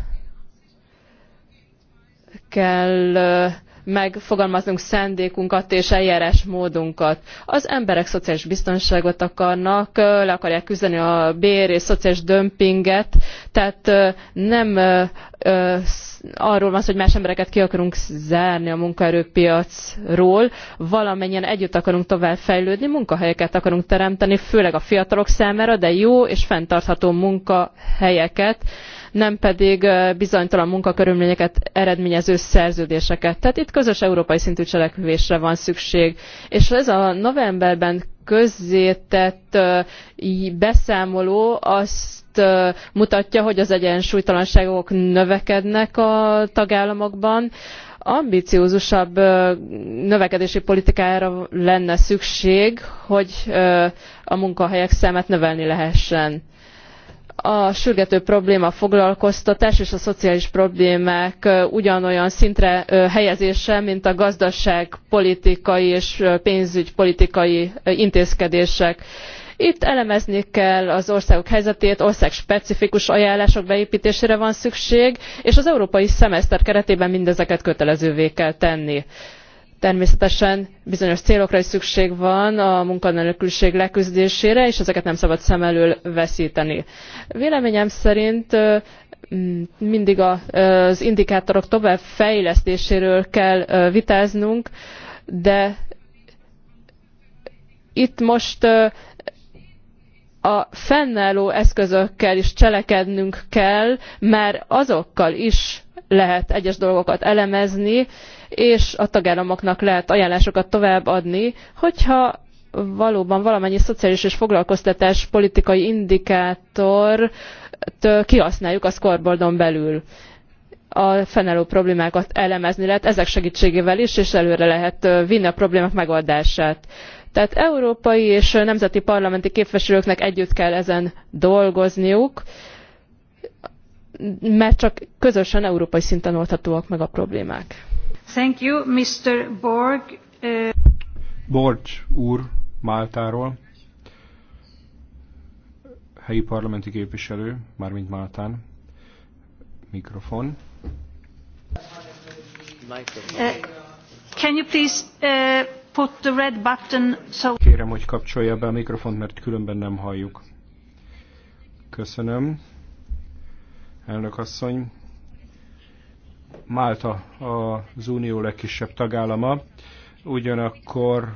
kell megfogalmaznunk szándékunkat és eljárásmódunkat. Az emberek szociális biztonságot akarnak, le akarják küzdeni a bér és szociális dömpinget, tehát nem arról van szó, hogy más embereket ki akarunk zárni a munkaerőpiacról, valamennyien együtt akarunk továbbfejlődni, munkahelyeket akarunk teremteni, főleg a fiatalok számára, de jó és fenntartható munkahelyeket, nem pedig bizonytalan munkakörülményeket eredményező szerződéseket. Tehát itt közös európai szintű cselekvésre van szükség. És ez a novemberben közzétett beszámoló azt azt mutatja, hogy az egyensúlytalanságok növekednek a tagállamokban. Ambiciózusabb növekedési politikára lenne szükség, hogy a munkahelyek számát növelni lehessen a sürgető probléma a foglalkoztatás és a szociális problémák ugyanolyan szintre helyezése mint a gazdaságpolitikai és pénzügypolitikai intézkedések. Itt elemezni kell az országok helyzetét, országspecifikus ajánlások beépítésére van szükség, és az európai szemeszter keretében mindezeket kötelezővé kell tenni. Természetesen bizonyos célokra is szükség van a munkanélküliség leküzdésére, és ezeket nem szabad szem elől veszíteni. Véleményem szerint mindig az indikátorok tovább fejlesztéséről kell vitáznunk, de itt most a fennálló eszközökkel is cselekednünk kell, mert azokkal is lehet egyes dolgokat elemezni, és a tagállamoknak lehet ajánlásokat továbbadni, hogyha valóban valamennyi szociális és foglalkoztatás politikai indikátort kihasználjuk a scoreboardon belül. A fennálló problémákat elemezni lehet ezek segítségével is, és előre lehet vinni a problémák megoldását. Tehát európai és nemzeti parlamenti képviselőknek együtt kell ezen dolgozniuk, mert csak közösen európai szinten oldhatóak meg a problémák. Thank you, Mr. Borg. Eh, Borg úr Máltáról, helyi parlamenti képviselő, mármint Máltán, mikrofon. Uh, can you please uh... Put the red button, so... Kérem, hogy kapcsolja be a mikrofont, mert különben nem halljuk. Köszönöm. Elnök asszony. Málta az unió legkisebb tagállama, ugyanakkor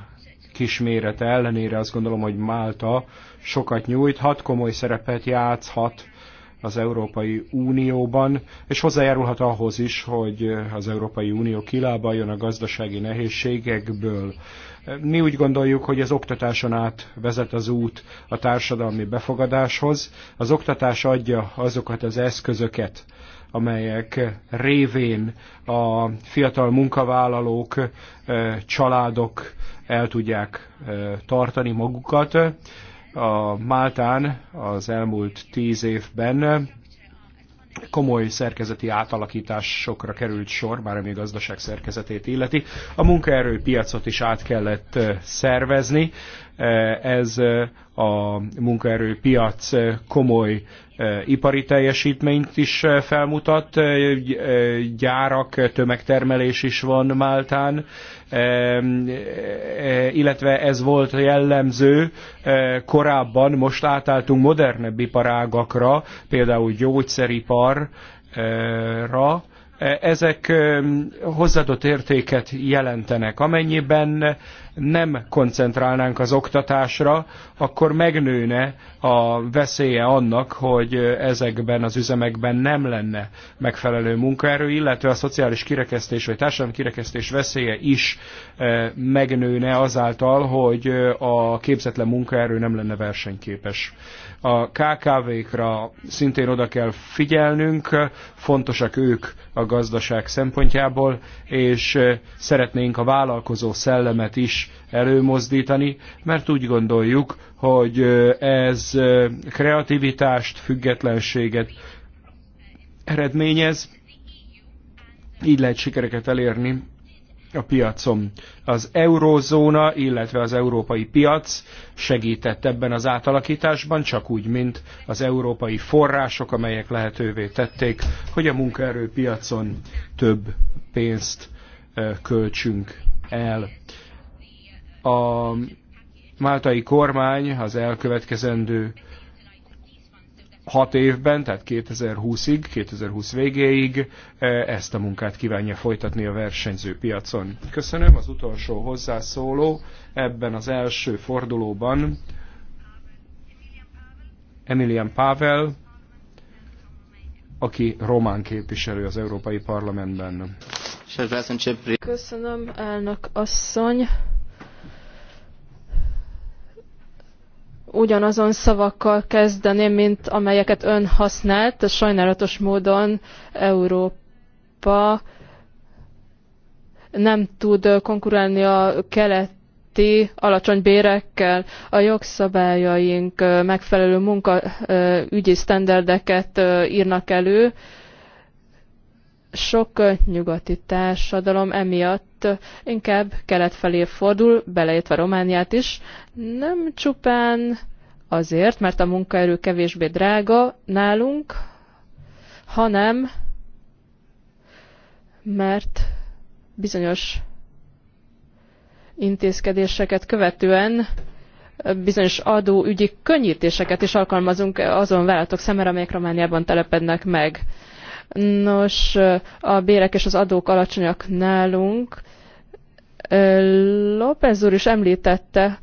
kismérete ellenére azt gondolom, hogy Málta sokat nyújthat, komoly szerepet játszhat az Európai Unióban, és hozzájárulhat ahhoz is, hogy az Európai Unió kilábaljon a gazdasági nehézségekből. Mi úgy gondoljuk, hogy az oktatáson át vezet az út a társadalmi befogadáshoz. Az oktatás adja azokat az eszközöket, amelyek révén a fiatal munkavállalók, eh, családok el tudják eh, tartani magukat. A Máltán az elmúlt tíz évben komoly szerkezeti átalakításokra került sor, már ami a gazdaság szerkezetét illeti. A munkaerőpiacot is át kellett szervezni, Eh, ez eh, a munkaerőpiac eh, komoly ipari teljesítményt is felmutat, gyárak, tömegtermelés is van Máltán, illetve ez volt jellemző korábban, most átálltunk modernebb iparágakra, például gyógyszeriparra, ezek hozzáadott értéket jelentenek. Amennyiben nem koncentrálnánk az oktatásra, akkor megnőne a veszélye annak, hogy ezekben az üzemekben nem lenne megfelelő munkaerő, illetve a szociális kirekesztés vagy társadalmi kirekesztés veszélye is megnőne azáltal, hogy a képzetlen munkaerő nem lenne versenyképes a KKV-kra szintén oda kell figyelnünk, fontosak ők a gazdaság szempontjából, és eh, szeretnénk a vállalkozó szellemet is előmozdítani, mert úgy gondoljuk, hogy eh, ez eh, kreativitást, függetlenséget eredményez, így lehet sikereket elérni a piacon. Az eurózóna, illetve az európai piac segített ebben az átalakításban, csak úgy, mint az európai források, amelyek lehetővé tették, hogy a munkaerőpiacon több pénzt költsünk el. A máltai kormány az elkövetkezendő hat évben, tehát 2020-ig, 2020 végéig e, ezt a munkát kívánja folytatni a versenyző piacon. Köszönöm az utolsó hozzászóló ebben az első fordulóban. Emilian Pavel, aki román képviselő az Európai Parlamentben. Köszönöm, elnök asszony. ugyanazon szavakkal kezdeném, mint amelyeket ön használt. Sajnálatos módon Európa nem tud konkurálni a kelet alacsony bérekkel, a jogszabályaink megfelelő munkaügyi sztenderdeket írnak elő, sok nyugati társadalom emiatt inkább kelet felé fordul, beleértve Romániát is, nem csupán azért, mert a munkaerő kevésbé drága nálunk, hanem mert bizonyos intézkedéseket követően bizonyos adóügyi könnyítéseket is alkalmazunk azon vállalatok szemére, amelyek Romániában telepednek meg. Nos, a bérek és az adók alacsonyak nálunk. López úr is említette,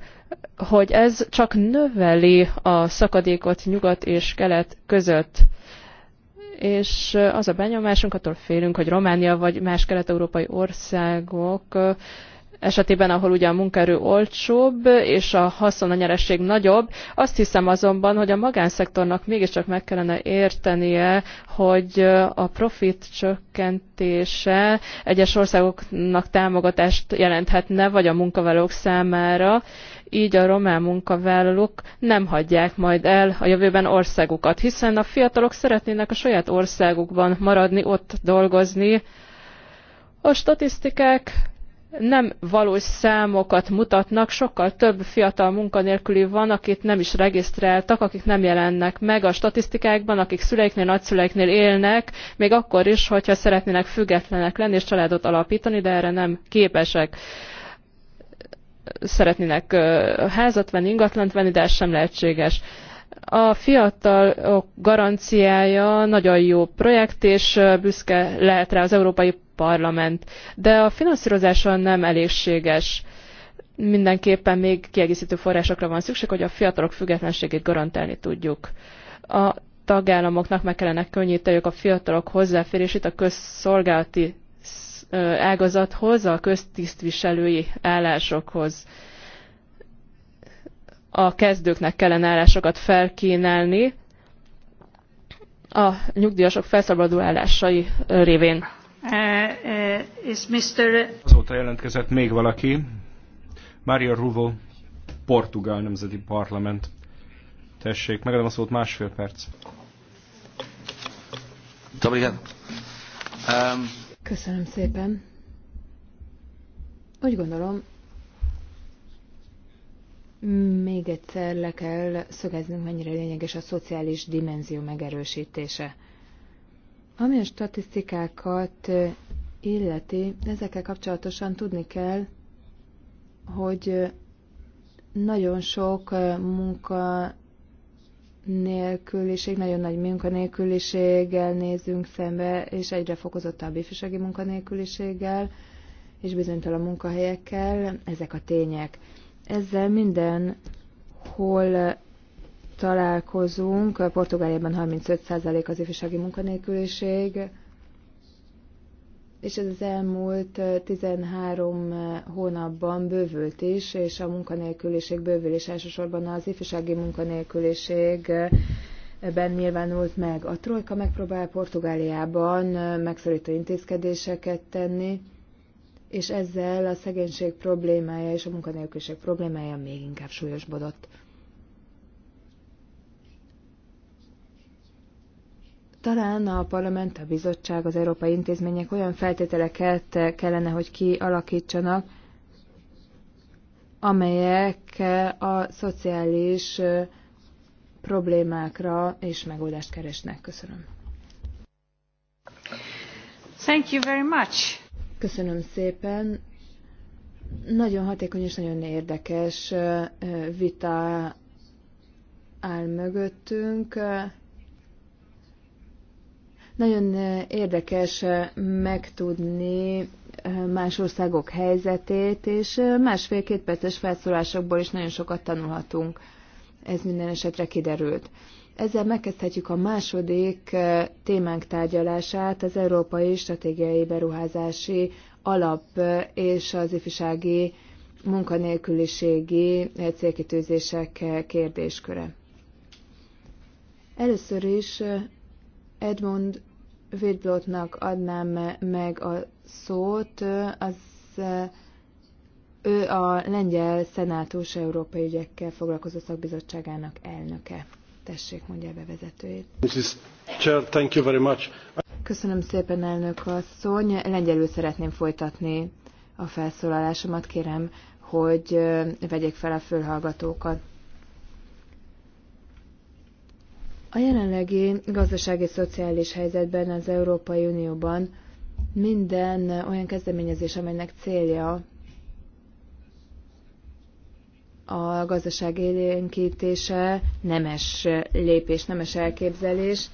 hogy ez csak növeli a szakadékot nyugat és kelet között. És az a benyomásunk, attól félünk, hogy Románia vagy más kelet-európai országok esetében, ahol ugye a munkaerő olcsóbb és a haszon a nyereség nagyobb. Azt hiszem azonban, hogy a magánszektornak mégiscsak meg kellene értenie, hogy a profit csökkentése egyes országoknak támogatást jelenthetne, vagy a munkavállalók számára, így a román munkavállalók nem hagyják majd el a jövőben országukat, hiszen a fiatalok szeretnének a saját országukban maradni, ott dolgozni. A statisztikák nem valós számokat mutatnak, sokkal több fiatal munkanélküli van, akit nem is regisztráltak, akik nem jelennek meg a statisztikákban, akik szüleiknél, nagyszüleiknél élnek, még akkor is, hogyha szeretnének függetlenek lenni és családot alapítani, de erre nem képesek szeretnének házat venni, ingatlant venni, de ez sem lehetséges. A fiatalok garanciája nagyon jó projekt, és büszke lehet rá az Európai Parlament, de a finanszírozása nem elégséges. Mindenképpen még kiegészítő forrásokra van szükség, hogy a fiatalok függetlenségét garantálni tudjuk. A tagállamoknak meg kellene könnyíteniük a fiatalok hozzáférését a közszolgálati ágazathoz, a köztisztviselői állásokhoz. A kezdőknek kellene állásokat felkínálni a nyugdíjasok felszabadulásai révén. Uh, uh, is Mr. Azóta jelentkezett még valaki. Mária Ruvo, Portugál Nemzeti Parlament. Tessék, megadom a szót másfél perc. Um, Köszönöm szépen. Úgy gondolom, még egyszer le kell szögeznünk, mennyire lényeges a szociális dimenzió megerősítése. Ami a statisztikákat illeti, ezekkel kapcsolatosan tudni kell, hogy nagyon sok munka nélküliség, nagyon nagy munkanélküliséggel nézünk szembe, és egyre fokozottabb ifjúsági munkanélküliséggel, és bizonytalan munkahelyekkel, ezek a tények. Ezzel minden hol találkozunk. Portugáliában 35% az ifjúsági munkanélküliség, és ez az elmúlt 13 hónapban bővült is, és a munkanélküliség bővülés elsősorban az ifjúsági munkanélküliség ebben nyilvánult meg. A Trojka megpróbál Portugáliában megszorító intézkedéseket tenni, és ezzel a szegénység problémája és a munkanélküliség problémája még inkább súlyosbodott. Talán a parlament, a bizottság, az európai intézmények olyan feltételeket kellene, hogy kialakítsanak, amelyek a szociális problémákra és megoldást keresnek. Köszönöm. Thank you very much. Köszönöm szépen. Nagyon hatékony és nagyon érdekes vita áll mögöttünk. Nagyon érdekes megtudni más országok helyzetét, és másfél-két perces felszólásokból is nagyon sokat tanulhatunk. Ez minden esetre kiderült. Ezzel megkezdhetjük a második témánk tárgyalását, az Európai Stratégiai Beruházási Alap és az ifjúsági munkanélküliségi célkitűzések kérdésköre. Először is Edmond Vidblotnak adnám meg a szót, az ő a lengyel szenátus európai ügyekkel foglalkozó szakbizottságának elnöke. Tessék, mondja a bevezetőjét. Chair, thank you very much. Köszönöm szépen, elnök asszony. Lengyelül szeretném folytatni a felszólalásomat. Kérem, hogy vegyék fel a fülhallgatókat. A jelenlegi gazdasági szociális helyzetben az Európai Unióban minden olyan kezdeményezés, amelynek célja a gazdaság élénkítése nemes lépés, nemes elképzelés,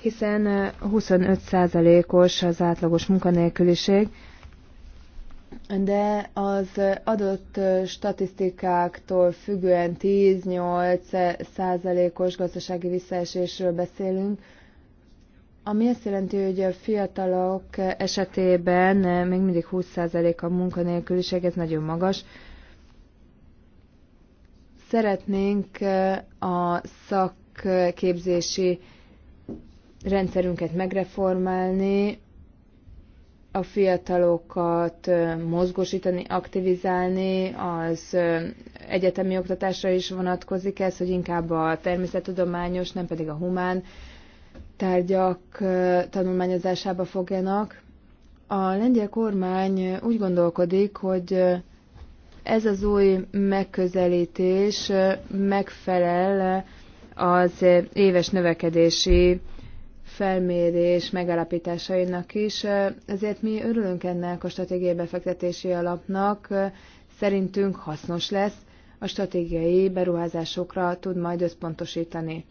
hiszen 25%-os az átlagos munkanélküliség, de az adott statisztikáktól függően 10-8 százalékos gazdasági visszaesésről beszélünk, ami azt jelenti, hogy a fiatalok esetében még mindig 20% a munkanélküliség, ez nagyon magas. Szeretnénk a szakképzési rendszerünket megreformálni, a fiatalokat mozgósítani, aktivizálni, az egyetemi oktatásra is vonatkozik ez, hogy inkább a természettudományos, nem pedig a humán tárgyak tanulmányozásába fogjanak. A lengyel kormány úgy gondolkodik, hogy ez az új megközelítés megfelel az éves növekedési felmérés megalapításainak is. Ezért mi örülünk ennek a stratégiai befektetési alapnak, szerintünk hasznos lesz, a stratégiai beruházásokra tud majd összpontosítani.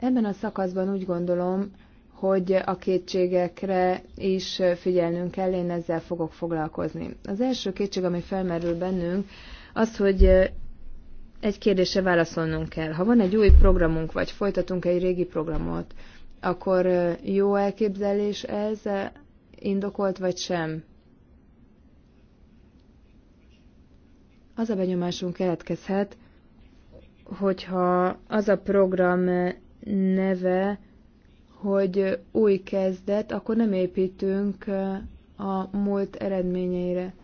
Ebben a szakaszban úgy gondolom, hogy a kétségekre is figyelnünk kell, én ezzel fogok foglalkozni. Az első kétség, ami felmerül bennünk, az, hogy egy kérdése válaszolnunk kell. Ha van egy új programunk, vagy folytatunk egy régi programot, akkor jó elképzelés ez, indokolt vagy sem? Az a benyomásunk keletkezhet, hogyha az a program neve, hogy új kezdet, akkor nem építünk a múlt eredményeire.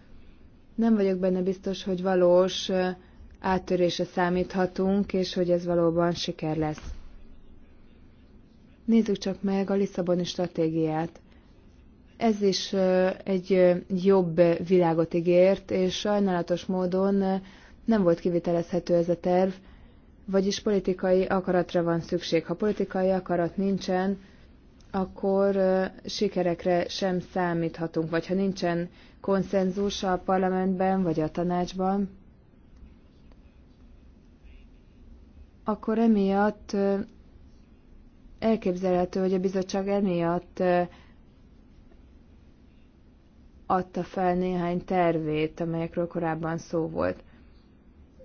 Nem vagyok benne biztos, hogy valós áttörése számíthatunk, és hogy ez valóban siker lesz. Nézzük csak meg a Lisszaboni stratégiát. Ez is egy jobb világot ígért, és sajnálatos módon nem volt kivitelezhető ez a terv, vagyis politikai akaratra van szükség. Ha politikai akarat nincsen, akkor sikerekre sem számíthatunk, vagy ha nincsen konszenzus a parlamentben vagy a tanácsban, akkor emiatt Elképzelhető, hogy a bizottság emiatt adta fel néhány tervét, amelyekről korábban szó volt.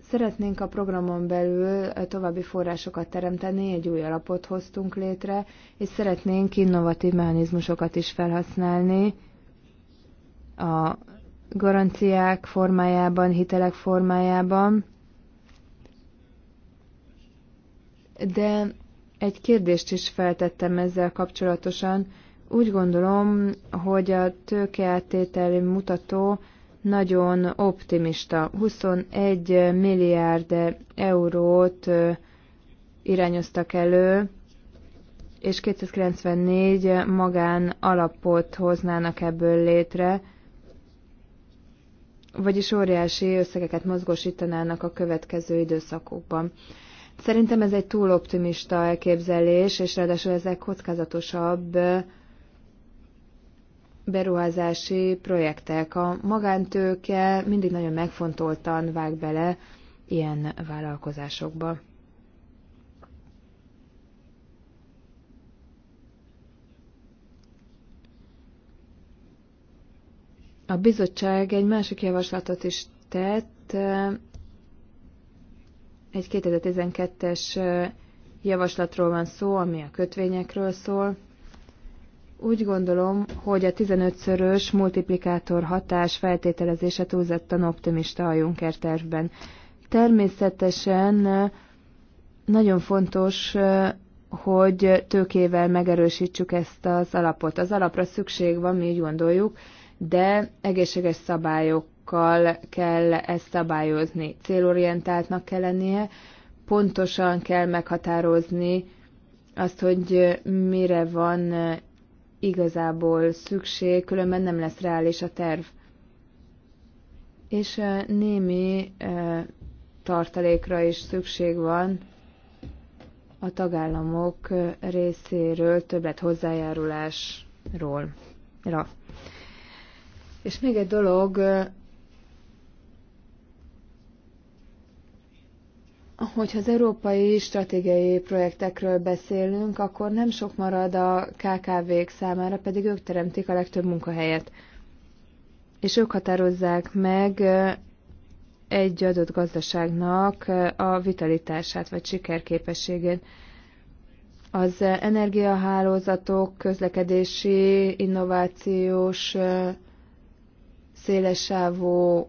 Szeretnénk a programon belül további forrásokat teremteni, egy új alapot hoztunk létre, és szeretnénk innovatív mechanizmusokat is felhasználni a garanciák formájában, hitelek formájában. De egy kérdést is feltettem ezzel kapcsolatosan. Úgy gondolom, hogy a tőkeáttételi mutató nagyon optimista. 21 milliárd eurót irányoztak elő, és 294 magán alapot hoznának ebből létre, vagyis óriási összegeket mozgósítanának a következő időszakokban. Szerintem ez egy túl optimista elképzelés, és ráadásul ezek kockázatosabb beruházási projektek. A magántőke mindig nagyon megfontoltan vág bele ilyen vállalkozásokba. A bizottság egy másik javaslatot is tett, egy 2012-es javaslatról van szó, ami a kötvényekről szól. Úgy gondolom, hogy a 15-szörös multiplikátor hatás feltételezése túlzottan optimista a Juncker tervben. Természetesen nagyon fontos, hogy tőkével megerősítsük ezt az alapot. Az alapra szükség van, mi így gondoljuk, de egészséges szabályok jogokkal kell ezt szabályozni. Célorientáltnak kell lennie, pontosan kell meghatározni azt, hogy mire van igazából szükség, különben nem lesz reális a terv. És eh, némi eh, tartalékra is szükség van a tagállamok eh, részéről többet hozzájárulásról. És még egy dolog, hogyha az európai stratégiai projektekről beszélünk, akkor nem sok marad a KKV-k számára, pedig ők teremtik a legtöbb munkahelyet. És ők határozzák meg egy adott gazdaságnak a vitalitását vagy sikerképességét. Az energiahálózatok, közlekedési, innovációs, szélesávú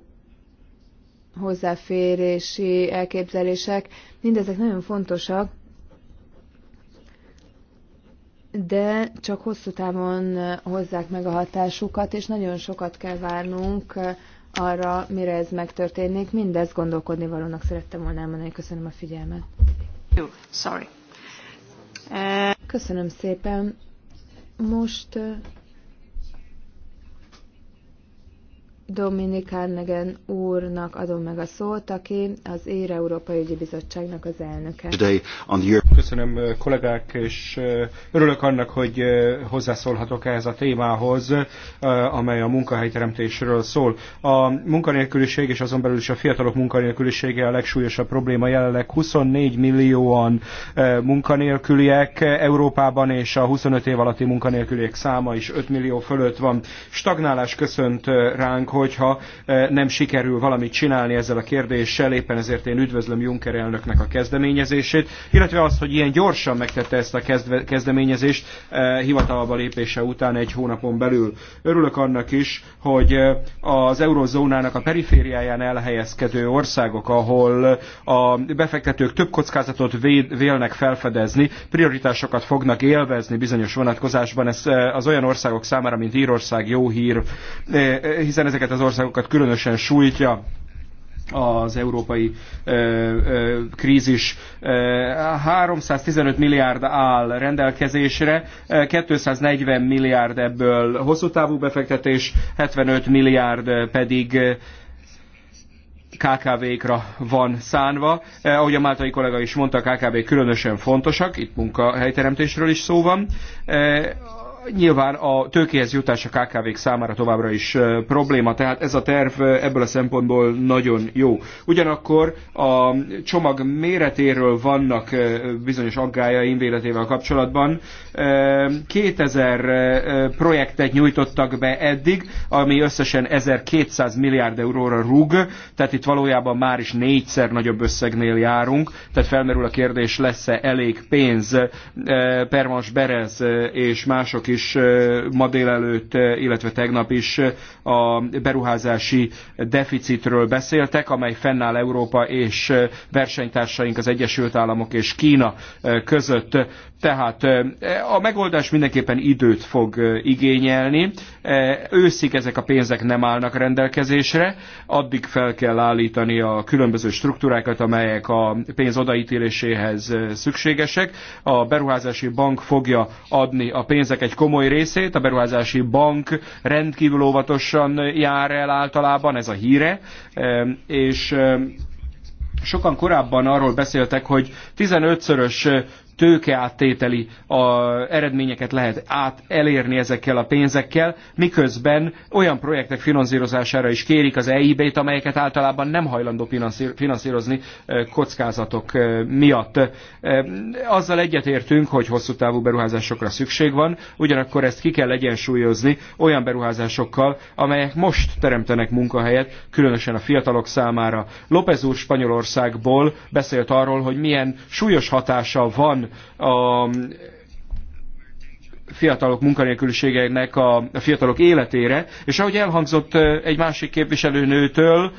hozzáférési elképzelések, mindezek nagyon fontosak, de csak hosszú távon hozzák meg a hatásukat, és nagyon sokat kell várnunk arra, mire ez megtörténik. Mindez gondolkodni valónak szerettem volna elmondani. Köszönöm a figyelmet. Köszönöm szépen. Most Dominik úrnak adom meg a szót, aki az Ér Európai Ügyi Bizottságnak az elnöke. Köszönöm kollégák, és örülök annak, hogy hozzászólhatok ehhez a témához, amely a munkahelyteremtésről szól. A munkanélküliség és azon belül is a fiatalok munkanélkülisége a legsúlyosabb probléma jelenleg. 24 millióan munkanélküliek Európában, és a 25 év alatti munkanélküliek száma is 5 millió fölött van. Stagnálás köszönt ránk, hogyha eh, nem sikerül valamit csinálni ezzel a kérdéssel, éppen ezért én üdvözlöm Juncker elnöknek a kezdeményezését, illetve azt, hogy ilyen gyorsan megtette ezt a kezdeményezést eh, hivatalba lépése után egy hónapon belül. Örülök annak is, hogy eh, az eurozónának a perifériáján elhelyezkedő országok, ahol a befektetők több kockázatot vélnek felfedezni, prioritásokat fognak élvezni bizonyos vonatkozásban. Ez az olyan országok számára, mint Írország jó hír, hiszen ezeket ezeket az országokat különösen sújtja az európai ö, ö, krízis. 315 milliárd áll rendelkezésre, 240 milliárd ebből hosszú távú befektetés, 75 milliárd pedig KKV-kra van szánva. Eh, ahogy a máltai kollega is mondta, a KKV különösen fontosak, itt munkahelyteremtésről is szó van. Eh, Nyilván a tőkéhez jutás a KKV-k számára továbbra is probléma, tehát ez a terv ebből a szempontból nagyon jó. Ugyanakkor a csomag méretéről vannak bizonyos aggájaim véletével kapcsolatban. 2000 projektet nyújtottak be eddig, ami összesen 1200 milliárd euróra rúg, tehát itt valójában már is négyszer nagyobb összegnél járunk, tehát felmerül a kérdés, lesz-e elég pénz, Permas Berez és mások is is eh, ma délelőtt, eh, illetve tegnap is eh, a beruházási deficitről beszéltek, amely fennáll Európa és versenytársaink az Egyesült Államok és Kína között. Tehát a megoldás mindenképpen időt fog igényelni. Őszig ezek a pénzek nem állnak rendelkezésre, addig fel kell állítani a különböző struktúrákat, amelyek a pénz odaítéléséhez szükségesek. A beruházási bank fogja adni a pénzek egy komoly részét. A beruházási bank rendkívül óvatosan jár el általában, ez a híre, ehm, és ehm, sokan korábban arról beszéltek, hogy 15-szörös tőkeáttételi a eredményeket lehet át elérni ezekkel a pénzekkel, miközben olyan projektek finanszírozására is kérik az EIB-t, amelyeket általában nem hajlandó finanszírozni kockázatok miatt. Azzal egyetértünk, hogy hosszú távú beruházásokra szükség van, ugyanakkor ezt ki kell egyensúlyozni olyan beruházásokkal, amelyek most teremtenek munkahelyet, különösen a fiatalok számára. López úr Spanyolországból beszélt arról, hogy milyen súlyos hatása van a fiatalok munkanélküliségeinek a, a fiatalok életére, és ahogy elhangzott egy másik képviselőnőtől,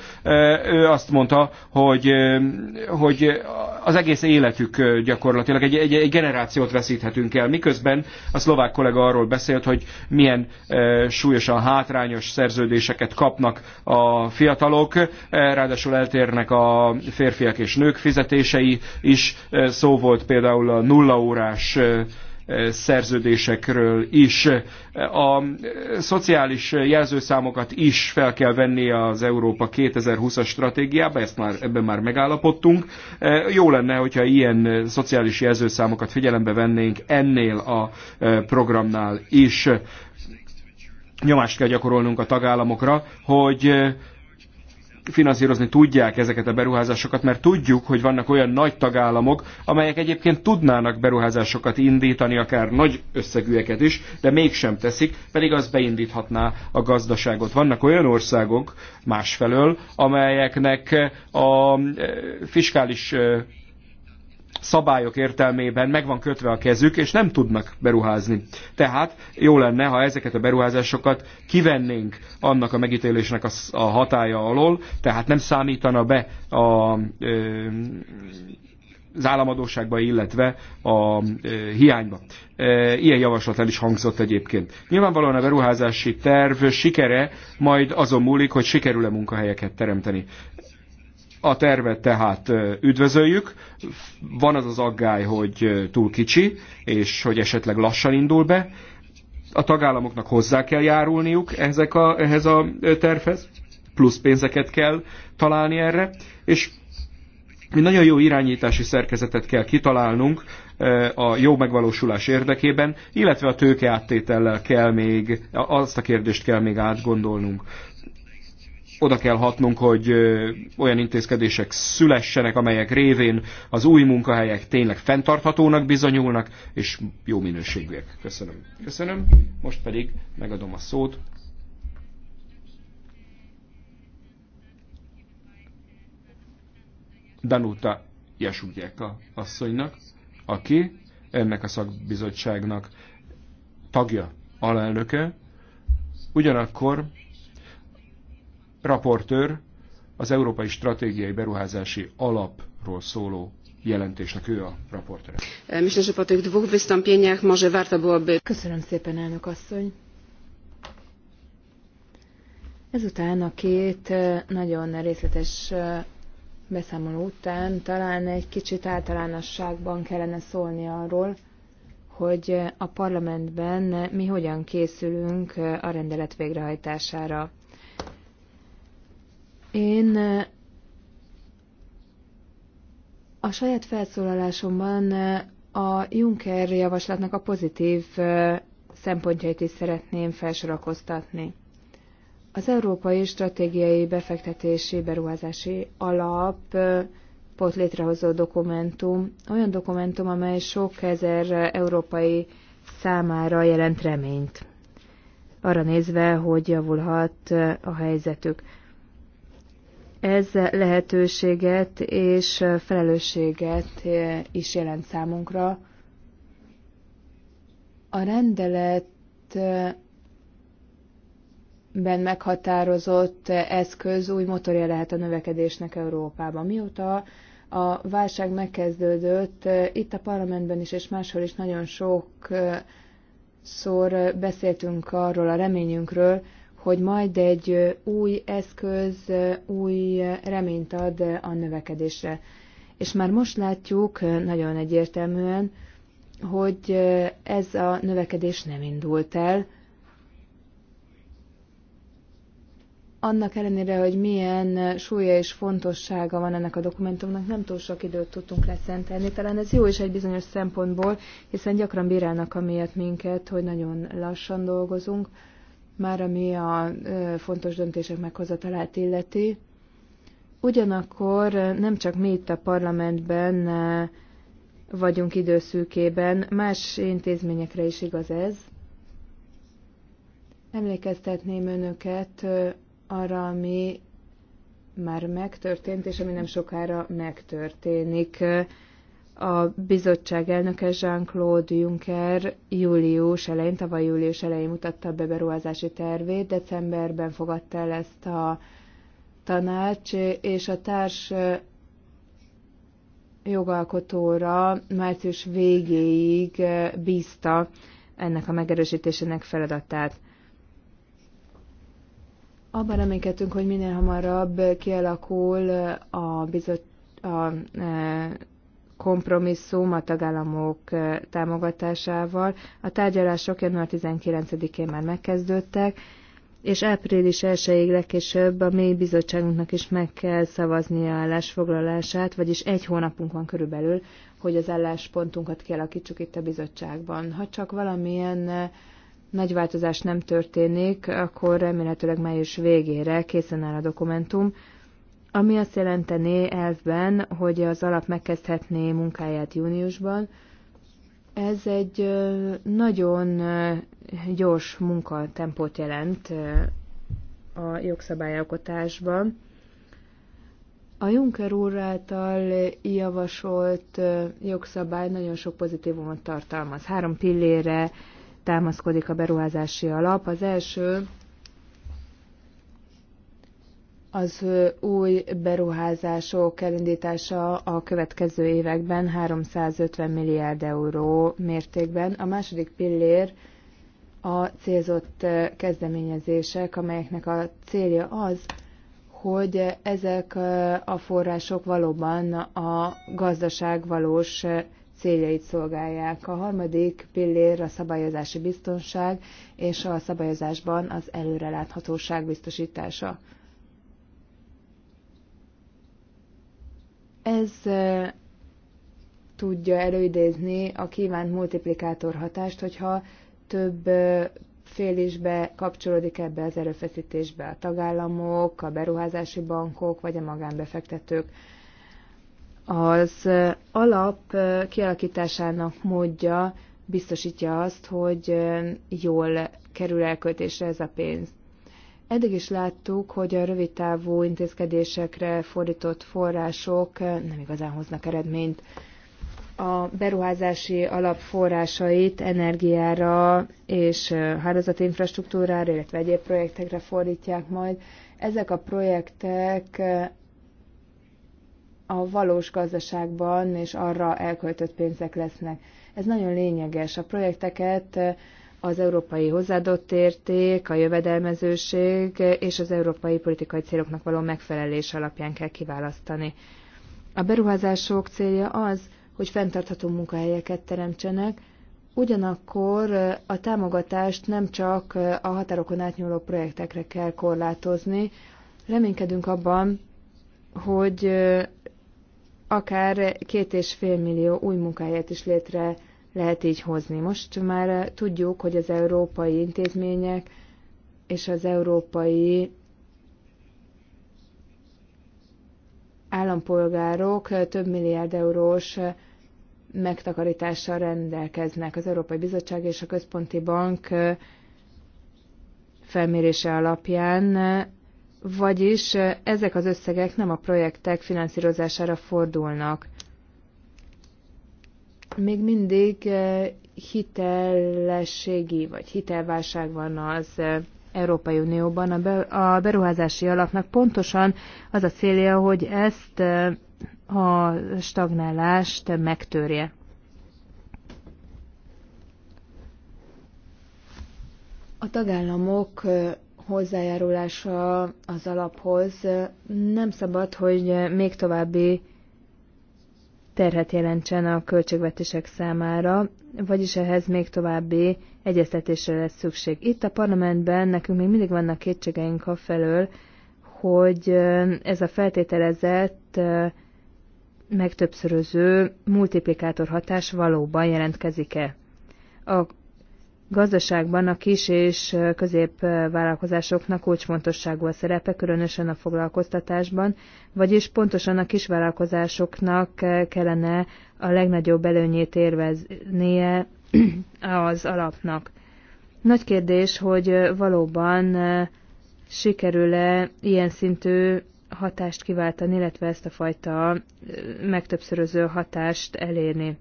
ő azt mondta, hogy, hogy az egész életük gyakorlatilag egy, egy, egy generációt veszíthetünk el, miközben a szlovák kollega arról beszélt, hogy milyen súlyosan hátrányos szerződéseket kapnak a fiatalok, ráadásul eltérnek a férfiak és nők fizetései is, szó volt például a nullaórás órás szerződésekről is. A szociális jelzőszámokat is fel kell venni az Európa 2020-as stratégiába, ezt már, ebben már megállapodtunk. Jó lenne, hogyha ilyen szociális jelzőszámokat figyelembe vennénk ennél a programnál is. Nyomást kell gyakorolnunk a tagállamokra, hogy finanszírozni tudják ezeket a beruházásokat, mert tudjuk, hogy vannak olyan nagy tagállamok, amelyek egyébként tudnának beruházásokat indítani, akár nagy összegűeket is, de mégsem teszik, pedig az beindíthatná a gazdaságot. Vannak olyan országok másfelől, amelyeknek a eh, fiskális eh, szabályok értelmében meg van kötve a kezük, és nem tudnak beruházni. Tehát jó lenne, ha ezeket a beruházásokat kivennénk annak a megítélésnek a hatája alól, tehát nem számítana be a, ö, az államadóságba, illetve a ö, hiányba. E, ilyen javaslat el is hangzott egyébként. Nyilvánvalóan a beruházási terv sikere majd azon múlik, hogy sikerül-e munkahelyeket teremteni. A tervet tehát üdvözöljük. Van az az aggály, hogy túl kicsi, és hogy esetleg lassan indul be. A tagállamoknak hozzá kell járulniuk ezek a, ehhez a tervhez, plusz pénzeket kell találni erre, és mi nagyon jó irányítási szerkezetet kell kitalálnunk a jó megvalósulás érdekében, illetve a tőke áttétellel kell még, azt a kérdést kell még átgondolnunk oda kell hatnunk, hogy olyan intézkedések szülessenek, amelyek révén az új munkahelyek tényleg fenntarthatónak bizonyulnak, és jó minőségűek. Köszönöm. Köszönöm. Most pedig megadom a szót. Danuta a asszonynak, aki ennek a szakbizottságnak tagja, alelnöke, ugyanakkor raportőr az Európai Stratégiai Beruházási Alapról szóló jelentésnek ő a raportőr. Köszönöm szépen, elnök asszony. Ezután a két nagyon részletes beszámoló után talán egy kicsit általánosságban kellene szólni arról, hogy a parlamentben mi hogyan készülünk a rendelet végrehajtására. Én eh, a saját felszólalásomban eh, a Juncker javaslatnak a pozitív eh, szempontjait is szeretném felsorakoztatni. Az Európai Stratégiai Befektetési Beruházási Alap pot létrehozó dokumentum, olyan dokumentum, amely sok ezer európai számára jelent reményt. Arra nézve, hogy javulhat a helyzetük. Ez lehetőséget és felelősséget is jelent számunkra. A rendeletben meghatározott eszköz új motorja lehet a növekedésnek Európában. Mióta a válság megkezdődött, itt a parlamentben is és máshol is nagyon sok szor beszéltünk arról a reményünkről, hogy majd egy új eszköz új reményt ad a növekedésre. És már most látjuk nagyon egyértelműen, hogy ez a növekedés nem indult el, annak ellenére, hogy milyen súlya és fontossága van ennek a dokumentumnak, nem túl sok időt tudtunk leszentelni. Talán ez jó is egy bizonyos szempontból, hiszen gyakran bírálnak amiatt minket, hogy nagyon lassan dolgozunk már ami a fontos döntések meghozatalát illeti. Ugyanakkor nem csak mi itt a parlamentben vagyunk időszűkében, más intézményekre is igaz ez. Emlékeztetném önöket arra, ami már megtörtént, és ami nem sokára megtörténik a bizottság elnöke Jean-Claude Juncker július elején, tavaly július elején mutatta be beruházási tervét, decemberben fogadta el ezt a tanács, és a társ jogalkotóra március végéig bízta ennek a megerősítésének feladatát. Abban reménykedtünk, hogy minél hamarabb kialakul a, bizot, a e, kompromisszum a tagállamok támogatásával. A tárgyalások január 19-én már megkezdődtek, és április 1-ig legkésőbb a mély bizottságunknak is meg kell szavaznia állásfoglalását, vagyis egy hónapunk van körülbelül, hogy az álláspontunkat kialakítsuk itt a bizottságban. Ha csak valamilyen nagy változás nem történik, akkor remélhetőleg május végére készen áll a dokumentum, ami azt jelentené elvben, hogy az alap megkezdhetné munkáját júniusban. Ez egy nagyon gyors munkatempót jelent a jogszabályalkotásban. A Juncker úr által javasolt jogszabály nagyon sok pozitívumot tartalmaz. Három pillére támaszkodik a beruházási alap. Az első az új beruházások elindítása a következő években 350 milliárd euró mértékben. A második pillér a célzott kezdeményezések, amelyeknek a célja az, hogy ezek a források valóban a gazdaság valós céljait szolgálják. A harmadik pillér a szabályozási biztonság és a szabályozásban az előreláthatóság biztosítása. Ez tudja előidézni a kívánt multiplikátor hatást, hogyha több fél is bekapcsolódik ebbe az erőfeszítésbe a tagállamok, a beruházási bankok vagy a magánbefektetők. Az alap kialakításának módja biztosítja azt, hogy jól kerül elköltésre ez a pénz. Eddig is láttuk, hogy a rövid távú intézkedésekre fordított források nem igazán hoznak eredményt. A beruházási alap forrásait energiára és hálózati infrastruktúrára, illetve egyéb projektekre fordítják majd. Ezek a projektek a valós gazdaságban és arra elköltött pénzek lesznek. Ez nagyon lényeges. A projekteket az európai hozzáadott érték, a jövedelmezőség és az európai politikai céloknak való megfelelés alapján kell kiválasztani. A beruházások célja az, hogy fenntartható munkahelyeket teremtsenek, ugyanakkor a támogatást nem csak a határokon átnyúló projektekre kell korlátozni. Reménykedünk abban, hogy akár két és fél millió új munkahelyet is létre lehet így hozni. Most már tudjuk, hogy az európai intézmények és az európai állampolgárok több milliárd eurós megtakarítással rendelkeznek. Az Európai Bizottság és a Központi Bank felmérése alapján, vagyis ezek az összegek nem a projektek finanszírozására fordulnak még mindig eh, hitelességi vagy hitelválság van az eh, Európai Unióban. A beruházási alapnak pontosan az a célja, hogy ezt eh, a stagnálást megtörje. A tagállamok hozzájárulása az alaphoz nem szabad, hogy még további terhet jelentsen a költségvetések számára, vagyis ehhez még további egyeztetésre lesz szükség. Itt a parlamentben nekünk még mindig vannak kétségeink felől, hogy ez a feltételezett megtöbbszöröző multiplikátor hatás valóban jelentkezik-e. A gazdaságban a kis és középvállalkozásoknak kulcsfontosságú a szerepe, különösen a foglalkoztatásban, vagyis pontosan a kisvállalkozásoknak kellene a legnagyobb előnyét érveznie az alapnak. Nagy kérdés, hogy valóban sikerül-e ilyen szintű hatást kiváltani, illetve ezt a fajta megtöbbszöröző hatást elérni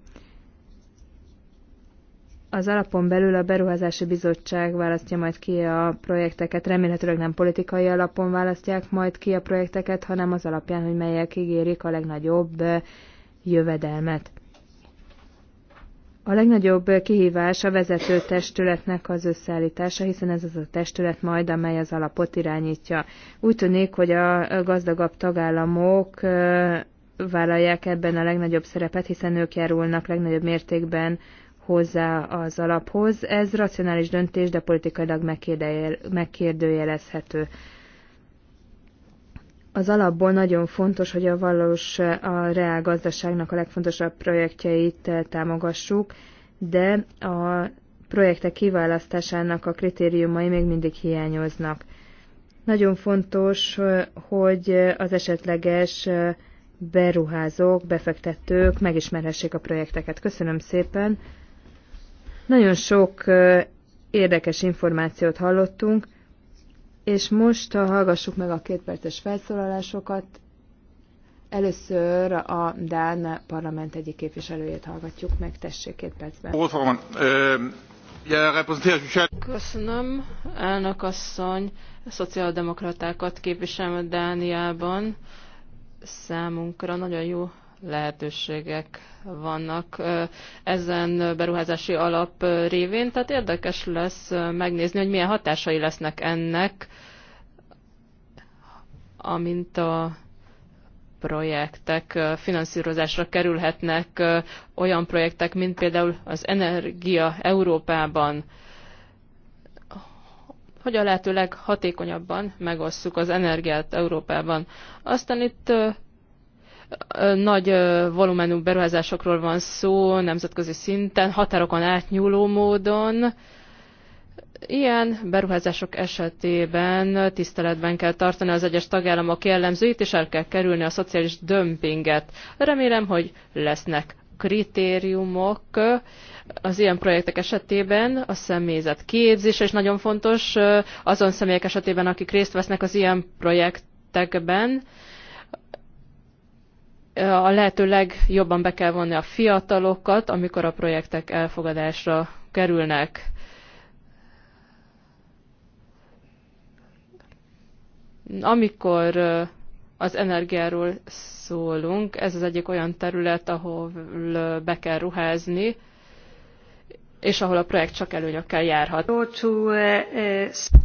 az alapon belül a Beruházási Bizottság választja majd ki a projekteket, remélhetőleg nem politikai alapon választják majd ki a projekteket, hanem az alapján, hogy melyek ígérik a legnagyobb eh, jövedelmet. A legnagyobb eh, kihívás a vezető testületnek az összeállítása, hiszen ez az a testület majd, amely az alapot irányítja. Úgy tűnik, hogy a gazdagabb tagállamok eh, vállalják ebben a legnagyobb szerepet, hiszen ők járulnak legnagyobb mértékben hozzá az alaphoz. Ez racionális döntés, de politikailag megkérdőjelezhető. Az alapból nagyon fontos, hogy a valós, a reál gazdaságnak a legfontosabb projektjeit eh, támogassuk, de a projektek kiválasztásának a kritériumai még mindig hiányoznak. Nagyon fontos, hogy az esetleges eh, beruházók, befektetők megismerhessék a projekteket. Köszönöm szépen! Nagyon sok érdekes információt hallottunk, és most hallgassuk meg a kétperces felszólalásokat. Először a Dán parlament egyik képviselőjét hallgatjuk meg, tessék két percben. Köszönöm, elnök asszony, szociáldemokratákat képviselő Dániában. Számunkra nagyon jó lehetőségek vannak ezen beruházási alap révén, tehát érdekes lesz megnézni, hogy milyen hatásai lesznek ennek, amint a projektek finanszírozásra kerülhetnek olyan projektek, mint például az Energia Európában, hogy a lehető leghatékonyabban megosszuk az energiát Európában. Aztán itt nagy volumenú beruházásokról van szó nemzetközi szinten, határokon átnyúló módon. Ilyen beruházások esetében tiszteletben kell tartani az egyes tagállamok jellemzőit, és el kell kerülni a szociális dömpinget. Remélem, hogy lesznek kritériumok az ilyen projektek esetében a személyzet képzése is nagyon fontos azon személyek esetében, akik részt vesznek az ilyen projektekben, a lehető legjobban be kell vonni a fiatalokat, amikor a projektek elfogadásra kerülnek. Amikor az energiáról szólunk, ez az egyik olyan terület, ahol be kell ruházni, és ahol a projekt csak előnyökkel járhat.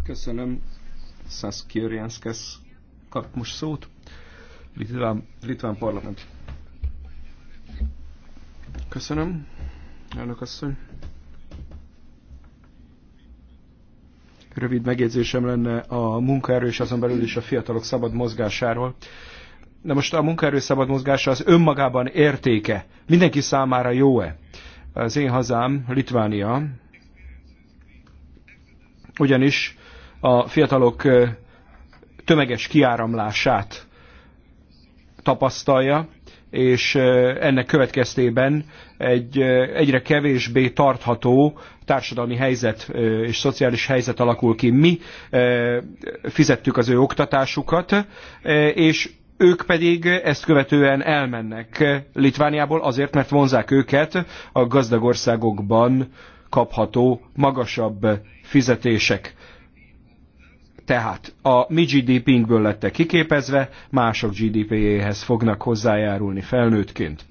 Köszönöm. Szasz Kiorianszkesz kap most szót. Litván, Litván parlament. Köszönöm, elnök asszony. Rövid megjegyzésem lenne a munkaerő és azon belül is a fiatalok szabad mozgásáról. De most a munkaerő szabad mozgása az önmagában értéke. Mindenki számára jó-e? Az én hazám, Litvánia, ugyanis a fiatalok tömeges kiáramlását tapasztalja, és ennek következtében egy egyre kevésbé tartható társadalmi helyzet és szociális helyzet alakul ki. Mi fizettük az ő oktatásukat, és ők pedig ezt követően elmennek Litvániából azért, mert vonzák őket a gazdag országokban kapható magasabb fizetések. Tehát a mi GDP-nkből lettek kiképezve, mások GDP-jéhez fognak hozzájárulni felnőttként.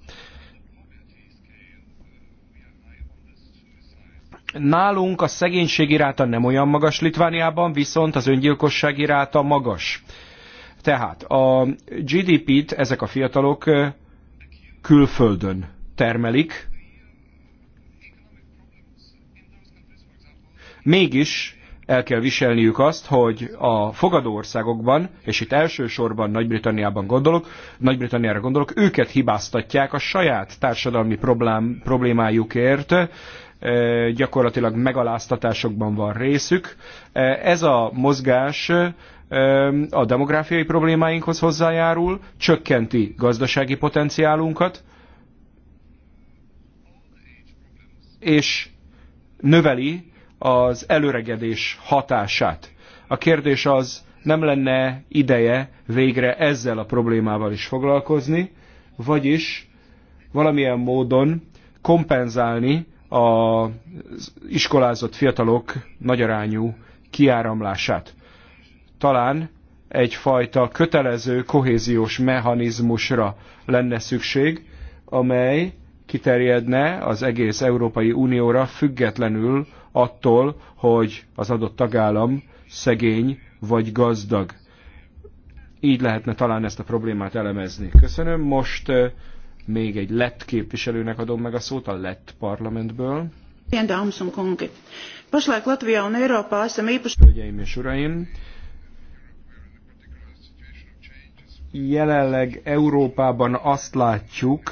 Nálunk a szegénység iráta nem olyan magas Litvániában, viszont az öngyilkosság iráta magas. Tehát a GDP-t ezek a fiatalok külföldön termelik. Mégis el kell viselniük azt, hogy a fogadó országokban, és itt elsősorban Nagy-Britanniában gondolok, Nagy-Britanniára gondolok, őket hibáztatják a saját társadalmi problém, problémájukért, e, gyakorlatilag megaláztatásokban van részük. E, ez a mozgás e, a demográfiai problémáinkhoz hozzájárul, csökkenti gazdasági potenciálunkat, és növeli az előregedés hatását. A kérdés az, nem lenne ideje végre ezzel a problémával is foglalkozni, vagyis valamilyen módon kompenzálni az iskolázott fiatalok nagyarányú kiáramlását. Talán egyfajta kötelező kohéziós mechanizmusra lenne szükség, amely kiterjedne az egész Európai Unióra függetlenül attól, hogy az adott tagállam szegény vagy gazdag. Így lehetne talán ezt a problémát elemezni. Köszönöm. Most még egy lett képviselőnek adom meg a szót a lett parlamentből. Hölgyeim és uraim, jelenleg Európában azt látjuk,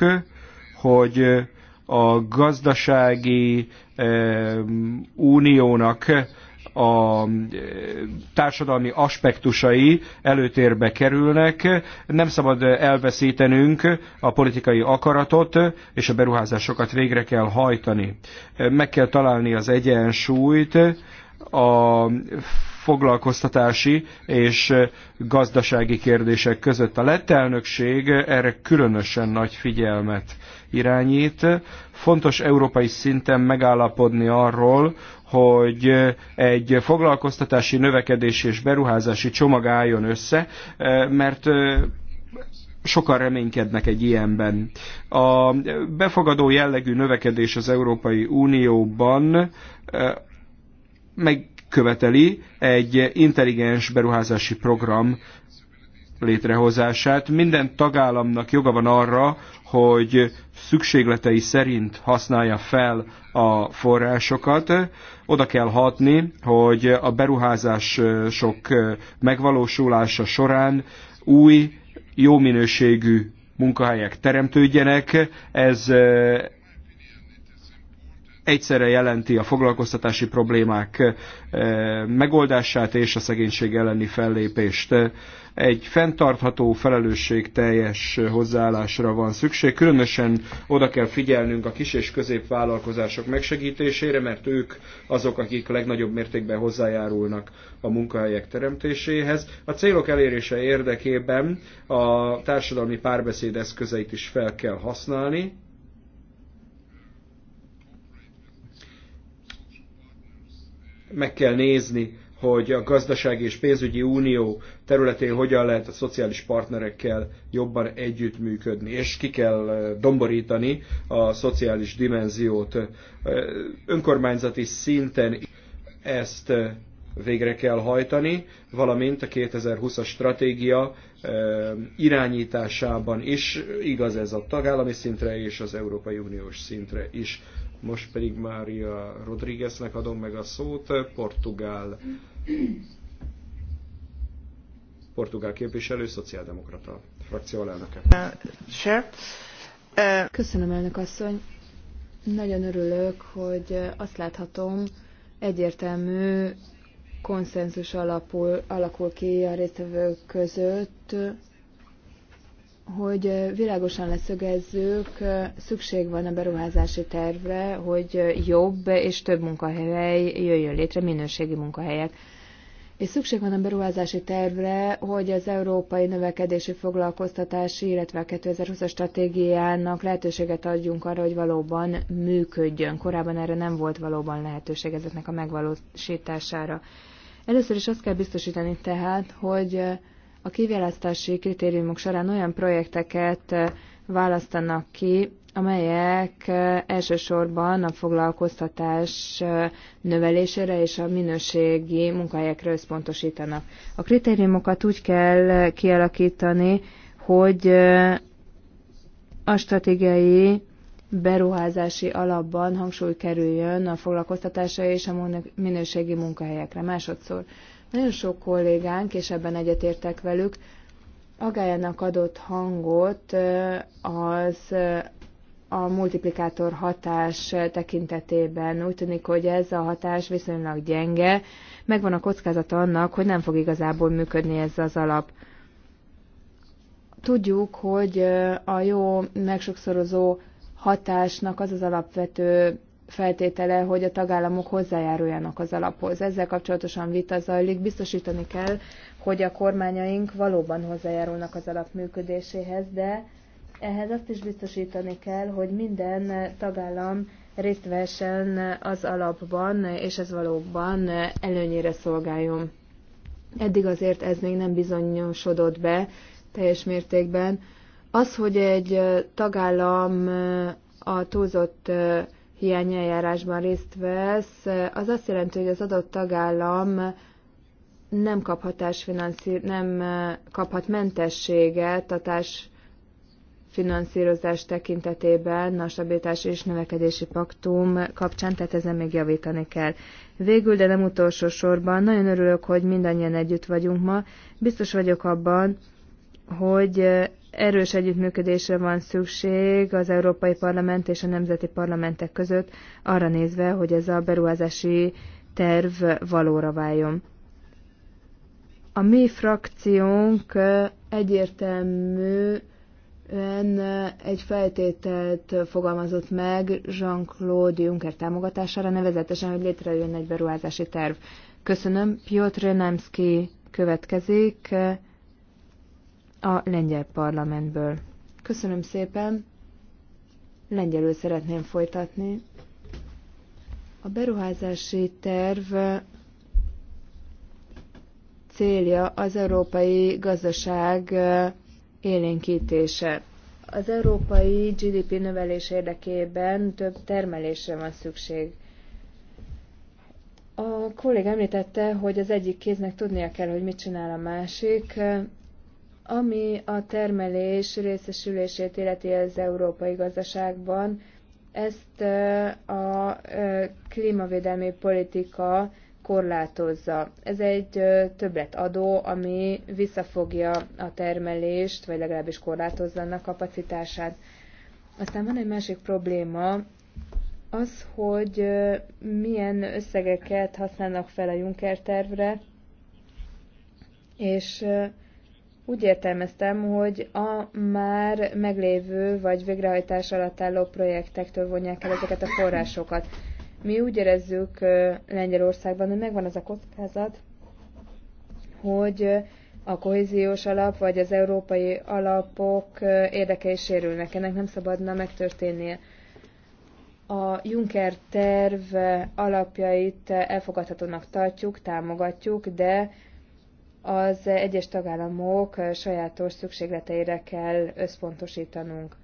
hogy a gazdasági eh, uniónak a eh, társadalmi aspektusai előtérbe kerülnek. Nem szabad elveszítenünk a politikai akaratot, és a beruházásokat végre kell hajtani. Meg kell találni az egyensúlyt a foglalkoztatási és gazdasági kérdések között. A lett elnökség erre különösen nagy figyelmet irányít. Fontos európai szinten megállapodni arról, hogy egy foglalkoztatási növekedés és beruházási csomag álljon össze, mert sokan reménykednek egy ilyenben. A befogadó jellegű növekedés az Európai Unióban eh, meg követeli egy intelligens beruházási program létrehozását. Minden tagállamnak joga van arra, hogy szükségletei szerint használja fel a forrásokat. Oda kell hatni, hogy a beruházások megvalósulása során új, jó minőségű munkahelyek teremtődjenek. Ez egyszerre jelenti a foglalkoztatási problémák eh, megoldását és a szegénység elleni fellépést. Egy fenntartható, felelősségteljes hozzáállásra van szükség. Különösen oda kell figyelnünk a kis és középvállalkozások megsegítésére, mert ők azok, akik legnagyobb mértékben hozzájárulnak a munkahelyek teremtéséhez. A célok elérése érdekében a társadalmi párbeszéd eszközeit is fel kell használni, meg kell nézni, hogy a gazdasági és pénzügyi unió területén hogyan lehet a szociális partnerekkel jobban együttműködni, és ki kell domborítani a szociális dimenziót. Önkormányzati szinten ezt végre kell hajtani, valamint a 2020-as stratégia irányításában is igaz ez a tagállami szintre és az Európai Uniós szintre is. Most pedig Mária Rodrigueznek adom meg a szót, portugál portugál képviselő, szociáldemokrata frakció alelnöke. Uh, Köszönöm, elnök asszony. Nagyon örülök, hogy azt láthatom, egyértelmű konszenzus alapul, alakul ki a résztvevők között, hogy világosan leszögezzük, szükség van a beruházási tervre, hogy jobb és több munkahely jöjjön létre, minőségi munkahelyek. És szükség van a beruházási tervre, hogy az európai növekedési foglalkoztatási, illetve a 2020-as stratégiának lehetőséget adjunk arra, hogy valóban működjön. Korábban erre nem volt valóban lehetőség ezeknek a megvalósítására. Először is azt kell biztosítani tehát, hogy a kiválasztási kritériumok során olyan projekteket eh, választanak ki, amelyek eh, elsősorban a foglalkoztatás eh, növelésére és a minőségi munkahelyekre összpontosítanak. A kritériumokat úgy kell kialakítani, hogy a stratégiai beruházási alapban hangsúly kerüljön a foglalkoztatásra és a minőségi munkahelyekre. Másodszor, nagyon sok kollégánk, és ebben egyetértek velük, agályának adott hangot az a multiplikátor hatás tekintetében. Úgy tűnik, hogy ez a hatás viszonylag gyenge, megvan a kockázata annak, hogy nem fog igazából működni ez az alap. Tudjuk, hogy a jó megsokszorozó hatásnak az az alapvető feltétele, hogy a tagállamok hozzájáruljanak az alaphoz. Ezzel kapcsolatosan vita zajlik, biztosítani kell, hogy a kormányaink valóban hozzájárulnak az alap működéséhez, de ehhez azt is biztosítani kell, hogy minden tagállam részt vehessen az alapban, és ez valóban előnyére szolgáljon. Eddig azért ez még nem bizonyosodott be teljes mértékben, az, hogy egy tagállam a túlzott hiányeljárásban részt vesz, az azt jelenti, hogy az adott tagállam nem kaphat, nem kaphat mentességet a társ finanszírozás tekintetében a stabilitás és növekedési paktum kapcsán, tehát ezen még javítani kell. Végül, de nem utolsó sorban, nagyon örülök, hogy mindannyian együtt vagyunk ma. Biztos vagyok abban, hogy erős együttműködésre van szükség az Európai Parlament és a nemzeti parlamentek között, arra nézve, hogy ez a beruházási terv valóra váljon. A mi frakciónk egyértelműen egy feltételt fogalmazott meg Jean-Claude Juncker támogatására, nevezetesen, hogy létrejön egy beruházási terv. Köszönöm. Piotr Nemski következik a lengyel parlamentből. Köszönöm szépen. Lengyelül szeretném folytatni. A beruházási terv célja az európai gazdaság élénkítése. Az európai GDP növelés érdekében több termelésre van szükség. A kollég említette, hogy az egyik kéznek tudnia kell, hogy mit csinál a másik. Ami a termelés részesülését illeti az európai gazdaságban, ezt a klímavédelmi politika korlátozza. Ez egy többletadó, ami visszafogja a termelést, vagy legalábbis korlátozza annak kapacitását. Aztán van egy másik probléma, az, hogy milyen összegeket használnak fel a Juncker tervre, és úgy értelmeztem, hogy a már meglévő vagy végrehajtás alatt álló projektektől vonják el ezeket a forrásokat. Mi úgy érezzük Lengyelországban, hogy megvan az a kockázat, hogy a kohéziós alap vagy az európai alapok érdekei sérülnek. Ennek nem szabadna megtörténnie. A Juncker terv alapjait elfogadhatónak tartjuk, támogatjuk, de az egyes tagállamok sajátos szükségleteire kell összpontosítanunk.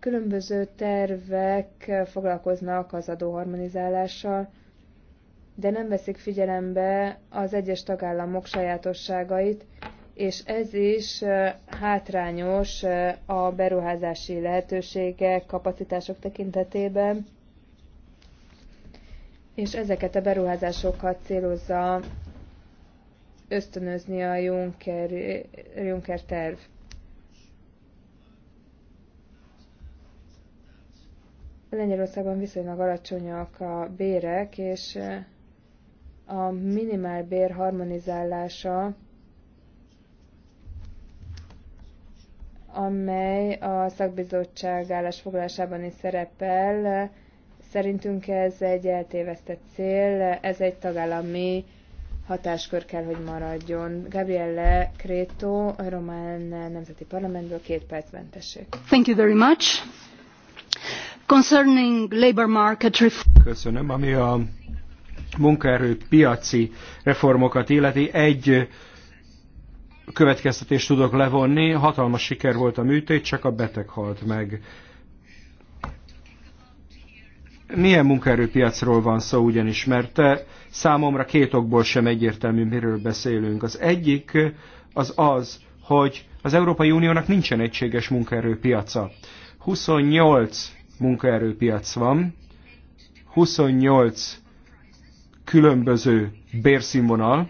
Különböző tervek foglalkoznak az adóharmonizálással, de nem veszik figyelembe az egyes tagállamok sajátosságait, és ez is hátrányos a beruházási lehetőségek, kapacitások tekintetében, és ezeket a beruházásokat célozza ösztönözni a Juncker, Juncker terv. Lengyelországban viszonylag alacsonyak a bérek, és eh, a minimálbér harmonizálása, amely a szakbizottság állásfoglalásában is szerepel, eh, szerintünk ez egy eltévesztett cél, eh, ez egy tagállami hatáskör kell, hogy maradjon. Gabrielle Creto, a Román Nemzeti Parlamentből két percben tessék. Thank you very much. Concerning labor market reform. Köszönöm, ami a munkaerő piaci reformokat illeti. Egy következtetést tudok levonni, hatalmas siker volt a műtét, csak a beteg halt meg milyen munkaerőpiacról van szó ugyanis, mert eh, számomra két okból sem egyértelmű, miről beszélünk. Az egyik eh, az az, hogy az Európai Uniónak nincsen egységes munkaerőpiaca. 28 munkaerőpiac van, 28 különböző bérszínvonal,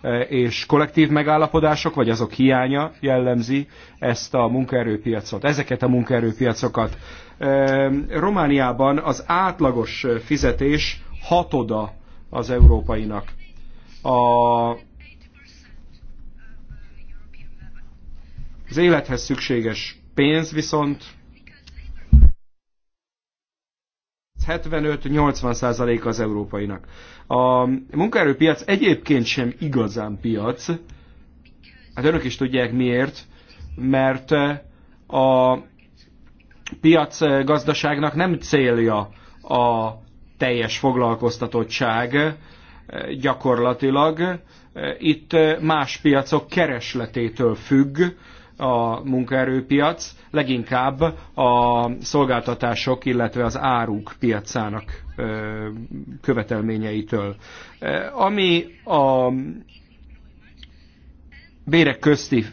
eh, és kollektív megállapodások, vagy azok hiánya jellemzi ezt a munkaerőpiacot, ezeket a munkaerőpiacokat. Ehm, Romániában az átlagos fizetés hatoda az európainak. A, az élethez szükséges pénz viszont 75-80% százalék az európainak. A munkaerőpiac egyébként sem igazán piac, hát önök is tudják miért, mert a piacgazdaságnak nem célja a teljes foglalkoztatottság eh, gyakorlatilag. Eh, itt eh, más piacok keresletétől függ a munkaerőpiac, leginkább a szolgáltatások, illetve az áruk piacának követelményeitől. Ami a bérek közti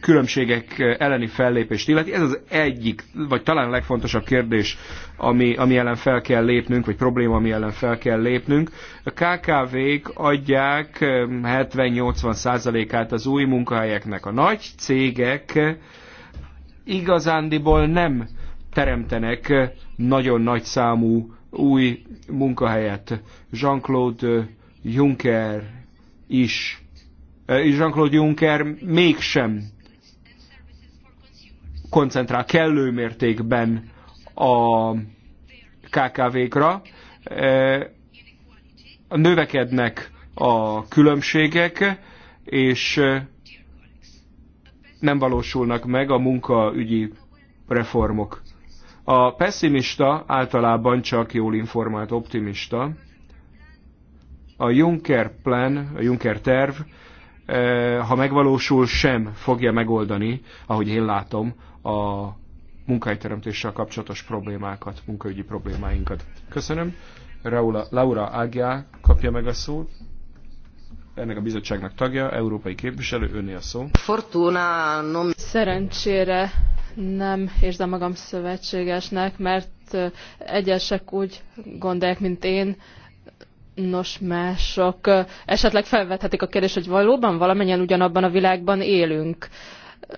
különbségek elleni fellépést illeti. Ez az egyik, vagy talán a legfontosabb kérdés, ami, ami ellen fel kell lépnünk, vagy probléma, ami ellen fel kell lépnünk. A KKV-k adják 70-80 százalékát az új munkahelyeknek. A nagy cégek igazándiból nem teremtenek nagyon nagy számú új munkahelyet. Jean-Claude Juncker is eh, Jean-Claude Juncker mégsem koncentrál kellő mértékben a KKV-kra. E, növekednek a különbségek, és nem valósulnak meg a munkaügyi reformok. A pessimista általában csak jól informált optimista. A Juncker plan, a Juncker terv, e, ha megvalósul, sem fogja megoldani, ahogy én látom, a munkahelyteremtéssel kapcsolatos problémákat, munkaügyi problémáinkat. Köszönöm. Raula, Laura Ágiá kapja meg a szót. Ennek a bizottságnak tagja, európai képviselő, önné a szó. Fortuna non... Szerencsére nem érzem magam szövetségesnek, mert egyesek úgy gondolják, mint én, nos mások esetleg felvethetik a kérdést, hogy valóban valamennyien ugyanabban a világban élünk.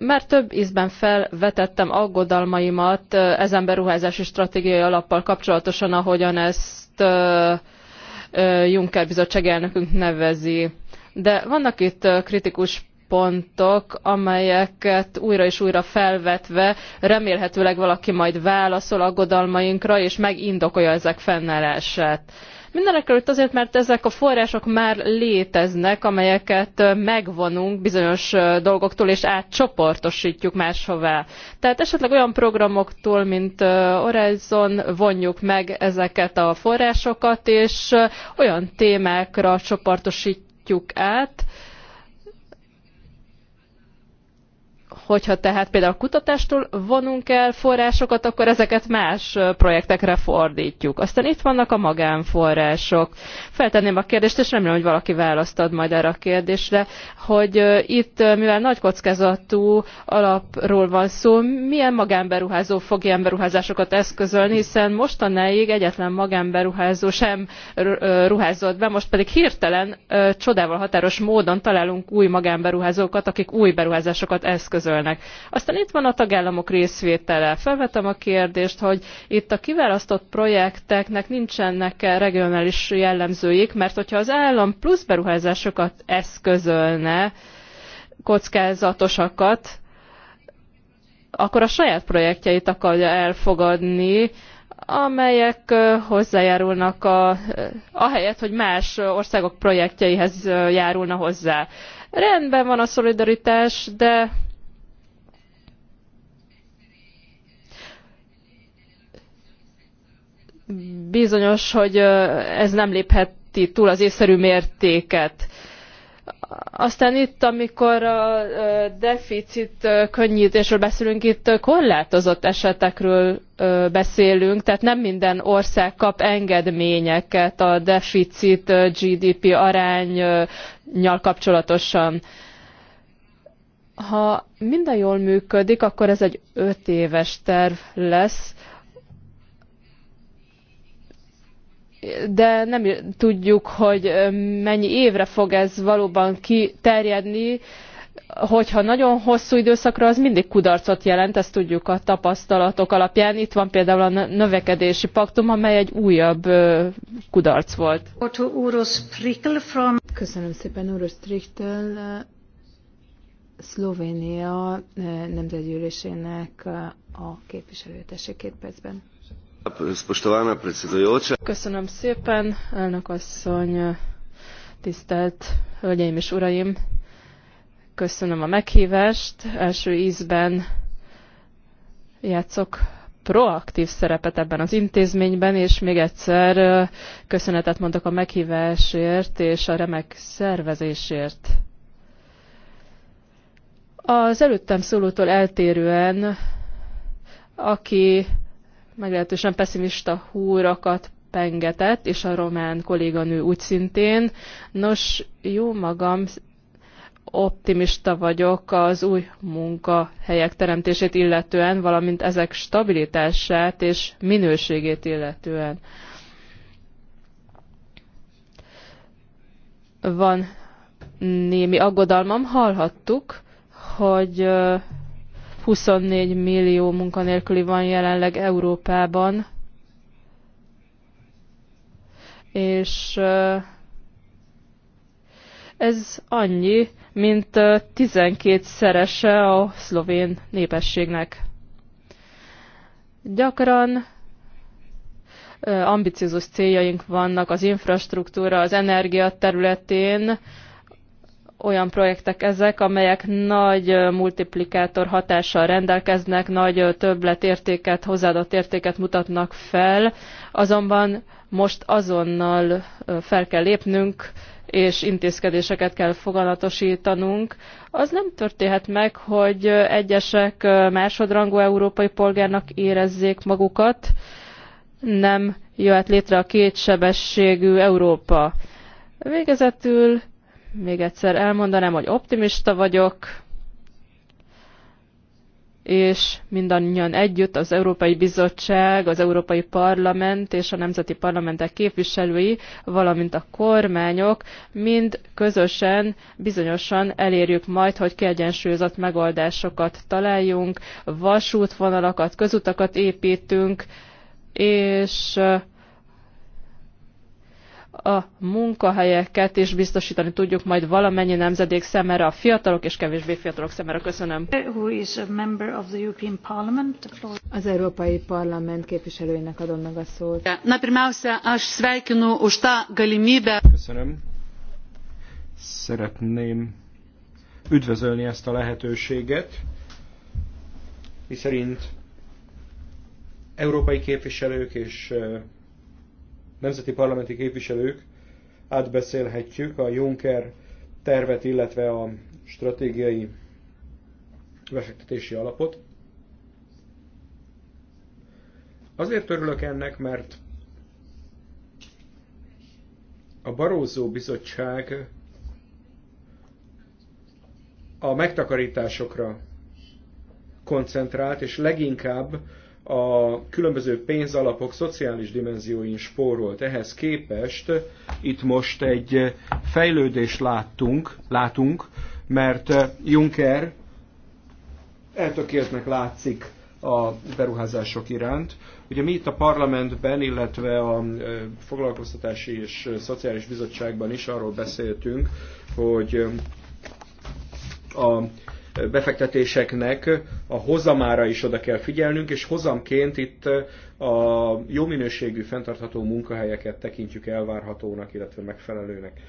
Már több ízben felvetettem aggodalmaimat ezen beruházási stratégiai alappal kapcsolatosan, ahogyan ezt Juncker bizottság elnökünk nevezi. De vannak itt kritikus pontok, amelyeket újra és újra felvetve remélhetőleg valaki majd válaszol aggodalmainkra, és megindokolja ezek fennállását. Mindenek előtt azért, mert ezek a források már léteznek, amelyeket megvonunk bizonyos dolgoktól, és átcsoportosítjuk máshová. Tehát esetleg olyan programoktól, mint Horizon vonjuk meg ezeket a forrásokat, és olyan témákra csoportosítjuk át, Hogyha tehát például a kutatástól vonunk el forrásokat, akkor ezeket más projektekre fordítjuk. Aztán itt vannak a magánforrások. Feltenném a kérdést, és remélem, hogy valaki választ ad majd erre a kérdésre, hogy itt, mivel nagy kockázatú alapról van szó, milyen magánberuházó fog ilyen beruházásokat eszközölni, hiszen mostanáig egyetlen magánberuházó sem ruházott be, most pedig hirtelen csodával határos módon találunk új magánberuházókat, akik új beruházásokat eszközölnek szerepelnek. Aztán itt van a tagállamok részvétele. Felvetem a kérdést, hogy itt a kiválasztott projekteknek nincsenek regionális jellemzőik, mert hogyha az állam plusz beruházásokat eszközölne, kockázatosakat, akkor a saját projektjeit akarja elfogadni, amelyek hozzájárulnak a, ahelyett, hogy más országok projektjeihez járulna hozzá. Rendben van a szolidaritás, de bizonyos, hogy ez nem lépheti túl az észszerű mértéket. Aztán itt, amikor a deficit könnyítésről beszélünk, itt korlátozott esetekről beszélünk, tehát nem minden ország kap engedményeket a deficit GDP aránynyal kapcsolatosan. Ha minden jól működik, akkor ez egy öt éves terv lesz, de nem tudjuk, hogy mennyi évre fog ez valóban kiterjedni, hogyha nagyon hosszú időszakra, az mindig kudarcot jelent, ezt tudjuk a tapasztalatok alapján. Itt van például a növekedési paktum, amely egy újabb kudarc volt. Köszönöm szépen, Uros Trichtel. Szlovénia nemzetgyűlésének a képviselőtesse két percben. Köszönöm szépen, elnök asszony, tisztelt hölgyeim és uraim! Köszönöm a meghívást. Első ízben játszok proaktív szerepet ebben az intézményben, és még egyszer köszönetet mondok a meghívásért és a remek szervezésért. Az előttem szólótól eltérően, aki meglehetősen pessimista húrakat pengetett, és a román kolléganő úgy szintén. Nos, jó magam, optimista vagyok az új munkahelyek teremtését illetően, valamint ezek stabilitását és minőségét illetően. Van némi aggodalmam, hallhattuk, hogy 24 millió munkanélküli van jelenleg Európában, és ez annyi, mint 12 szerese a szlovén népességnek. Gyakran ambiciózus céljaink vannak az infrastruktúra, az energia területén, olyan projektek ezek, amelyek nagy multiplikátor hatással rendelkeznek, nagy többletértéket, hozzáadott értéket mutatnak fel, azonban most azonnal fel kell lépnünk, és intézkedéseket kell foganatosítanunk. Az nem történhet meg, hogy egyesek másodrangú európai polgárnak érezzék magukat, nem jöhet létre a kétsebességű Európa. Végezetül még egyszer elmondanám, hogy optimista vagyok, és mindannyian együtt az Európai Bizottság, az Európai Parlament és a nemzeti parlamentek képviselői, valamint a kormányok mind közösen, bizonyosan elérjük majd, hogy kiegyensúlyozott megoldásokat találjunk, vasútvonalakat, közutakat építünk, és a munkahelyeket is biztosítani tudjuk majd valamennyi nemzedék szemére, a fiatalok és kevésbé fiatalok szemére. Köszönöm. Az Európai Parlament képviselőinek adom meg a szót. Köszönöm. Szeretném üdvözölni ezt a lehetőséget, miszerint európai képviselők és nemzeti parlamenti képviselők átbeszélhetjük a Juncker tervet, illetve a stratégiai befektetési alapot. Azért örülök ennek, mert a Barózó Bizottság a megtakarításokra koncentrált, és leginkább a különböző pénzalapok szociális dimenzióin spórolt. Ehhez képest itt most egy fejlődést láttunk, látunk, mert Juncker eltökéltnek látszik a beruházások iránt. Ugye mi itt a parlamentben, illetve a foglalkoztatási és szociális bizottságban is arról beszéltünk, hogy a befektetéseknek a hozamára is oda kell figyelnünk, és hozamként itt a jó minőségű, fenntartható munkahelyeket tekintjük elvárhatónak, illetve megfelelőnek.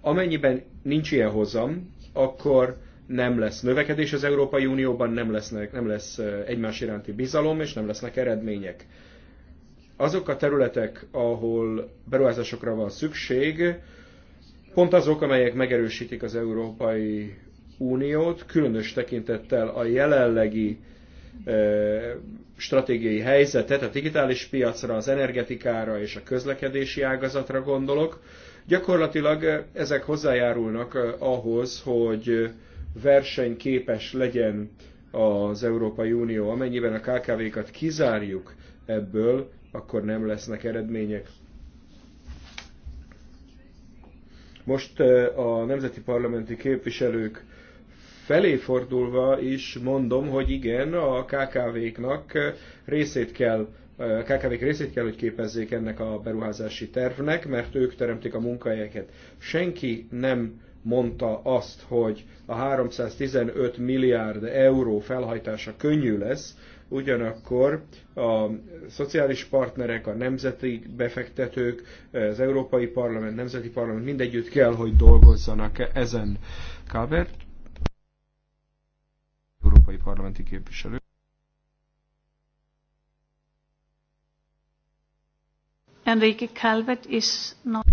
Amennyiben nincs ilyen hozam, akkor nem lesz növekedés az Európai Unióban, nem, lesznek, nem lesz eh, egymás iránti bizalom, és nem lesznek eredmények. Azok a területek, ahol beruházásokra van szükség, pont azok, amelyek megerősítik az Európai Uniót, különös tekintettel a jelenlegi e, stratégiai helyzetet, a digitális piacra, az energetikára és a közlekedési ágazatra gondolok. Gyakorlatilag ezek hozzájárulnak e, ahhoz, hogy versenyképes legyen az Európai Unió. Amennyiben a KKV-kat kizárjuk ebből, akkor nem lesznek eredmények. Most e, a nemzeti parlamenti képviselők felé fordulva is mondom, hogy igen, a KKV-knak eh, részét kell eh, KKV-k részét kell, hogy képezzék ennek a beruházási tervnek, mert ők teremtik a munkahelyeket. Senki nem mondta azt, hogy a 315 milliárd euró felhajtása könnyű lesz, ugyanakkor a szociális partnerek, a nemzeti befektetők, eh, az Európai Parlament, Nemzeti Parlament mindegyütt kell, hogy dolgozzanak e-, ezen. Kábert? európai parlamenti képviselő. Enrique Calvet is not...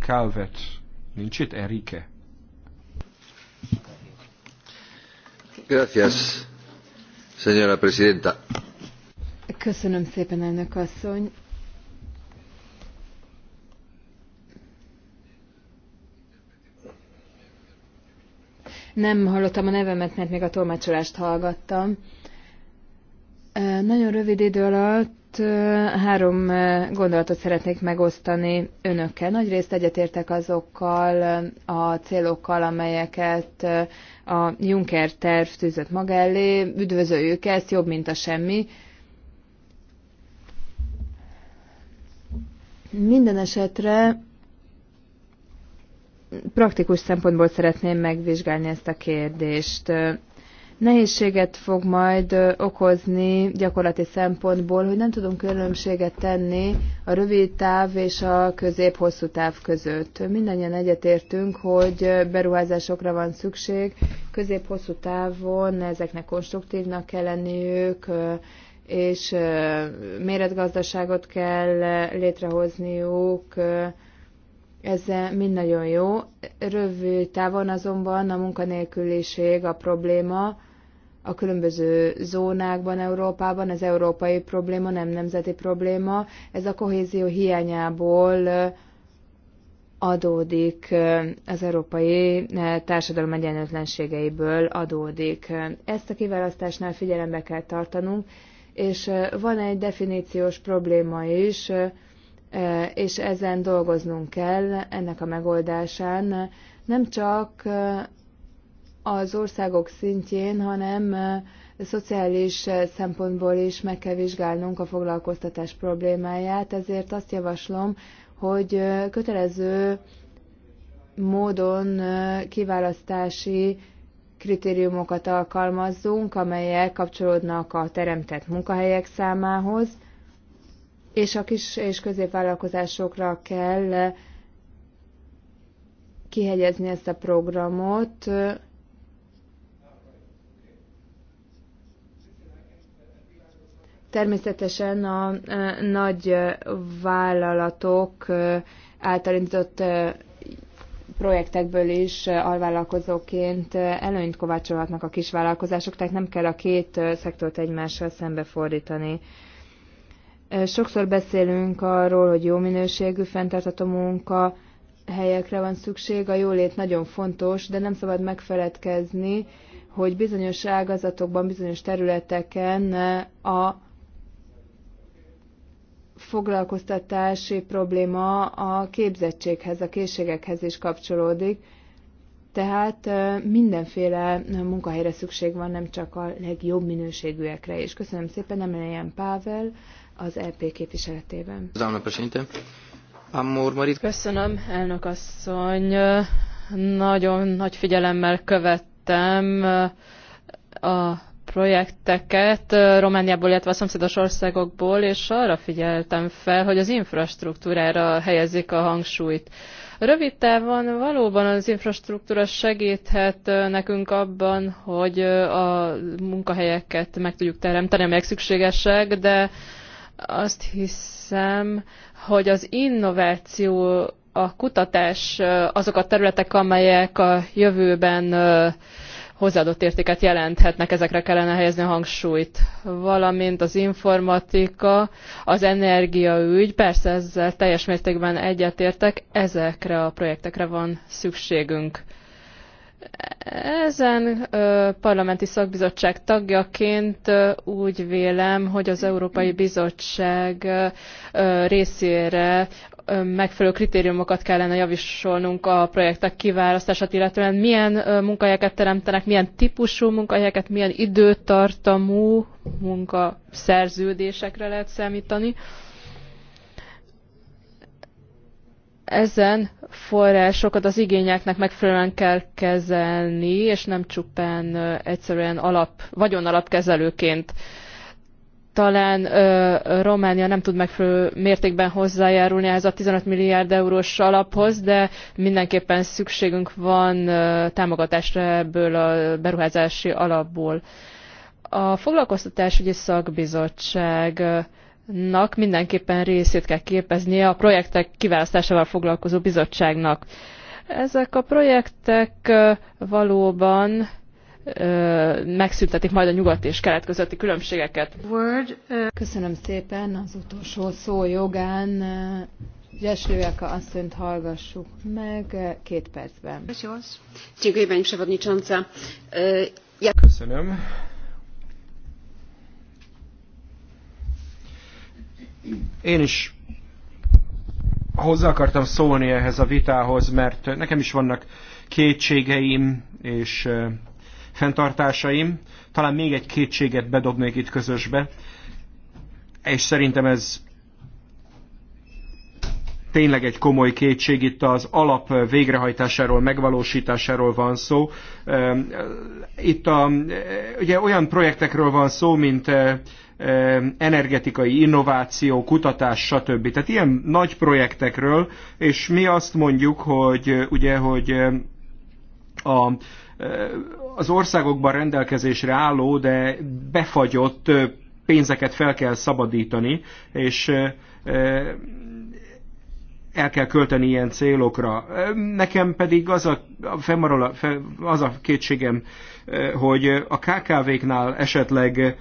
Calvet. Nincs itt Enrique. Gracias, señora presidenta. Köszönöm szépen, elnök asszony. Nem hallottam a nevemet, mert még a tolmácsolást hallgattam. Nagyon rövid idő alatt három gondolatot szeretnék megosztani önökkel. Nagyrészt egyetértek azokkal a célokkal, amelyeket a Juncker terv tűzött maga elé. Üdvözöljük ezt, jobb, mint a semmi. Minden esetre praktikus szempontból szeretném megvizsgálni ezt a kérdést. Nehézséget fog majd okozni gyakorlati szempontból, hogy nem tudunk különbséget tenni a rövid táv és a közép-hosszú táv között. Mindannyian egyetértünk, hogy beruházásokra van szükség, közép-hosszú távon ezeknek konstruktívnak kell lenniük, és méretgazdaságot kell létrehozniuk, ez mind nagyon jó. Rövid távon azonban a munkanélküliség a probléma a különböző zónákban Európában, ez európai probléma, nem nemzeti probléma. Ez a kohézió hiányából adódik, az európai társadalom egyenlőtlenségeiből adódik. Ezt a kiválasztásnál figyelembe kell tartanunk, és van egy definíciós probléma is, és ezen dolgoznunk kell, ennek a megoldásán, nem csak az országok szintjén, hanem szociális szempontból is meg kell vizsgálnunk a foglalkoztatás problémáját, ezért azt javaslom, hogy kötelező módon kiválasztási kritériumokat alkalmazzunk, amelyek kapcsolódnak a teremtett munkahelyek számához, és a kis és középvállalkozásokra kell eh, kihegyezni ezt a programot. Természetesen a eh, nagy eh, vállalatok által indított projektekből is alvállalkozóként előnyt kovácsolhatnak a kisvállalkozások, tehát nem kell a két szektort egymással szembe fordítani. Sokszor beszélünk arról, hogy jó minőségű, fenntartható munka helyekre van szükség, a jólét nagyon fontos, de nem szabad megfeledkezni, hogy bizonyos ágazatokban, bizonyos területeken a foglalkoztatási probléma a képzettséghez, a készségekhez is kapcsolódik. Tehát mindenféle munkahelyre szükség van, nem csak a legjobb minőségűekre is. Köszönöm szépen, Emilien Pável az EP képviseletében. Köszönöm, elnök asszony. Nagyon nagy figyelemmel követtem a projekteket Romániából, illetve a szomszédos országokból, és arra figyeltem fel, hogy az infrastruktúrára helyezik a hangsúlyt. Rövid távon valóban az infrastruktúra segíthet nekünk abban, hogy a munkahelyeket meg tudjuk teremteni, amelyek szükségesek, de azt hiszem, hogy az innováció, a kutatás azok a területek, amelyek a jövőben hozzáadott értéket jelenthetnek, ezekre kellene helyezni a hangsúlyt. Valamint az informatika, az energiaügy, persze ezzel teljes mértékben egyetértek, ezekre a projektekre van szükségünk. Ezen ö, parlamenti szakbizottság tagjaként ö, úgy vélem, hogy az Európai Bizottság ö, részére ö, megfelelő kritériumokat kellene javisolnunk a projektek kiválasztását, illetően milyen ö, munkahelyeket teremtenek, milyen típusú munkahelyeket, milyen időtartamú munkaszerződésekre lehet számítani. Ö, Ezen forrásokat az igényeknek megfelelően kell kezelni, és nem csupán egyszerűen alap, vagyonalapkezelőként talán ö, Románia nem tud megfelelő mértékben hozzájárulni ehhez a 15 milliárd eurós alaphoz, de mindenképpen szükségünk van ö, támogatásra ebből a beruházási alapból. A foglalkoztatásügyi szakbizottság ö, nak mindenképpen részét kell képeznie a projektek kiválasztásával foglalkozó bizottságnak. Ezek a projektek valóban megszüntetik majd a nyugat és kelet közötti különbségeket. Word, uh... Köszönöm szépen az utolsó szó jogán. a asszonyt hallgassuk meg két percben. Köszönöm. Köszönöm. Én is hozzá akartam szólni ehhez a vitához, mert nekem is vannak kétségeim és fenntartásaim. Talán még egy kétséget bedobnék itt közösbe, és szerintem ez tényleg egy komoly kétség, itt az alap végrehajtásáról, megvalósításáról van szó. Itt a, ugye olyan projektekről van szó, mint energetikai innováció, kutatás, stb. Tehát ilyen nagy projektekről, és mi azt mondjuk, hogy ugye, hogy a, az országokban rendelkezésre álló, de befagyott pénzeket fel kell szabadítani, és el kell költeni ilyen célokra. Nekem pedig az a, a, az a kétségem, hogy a KKV-knál esetleg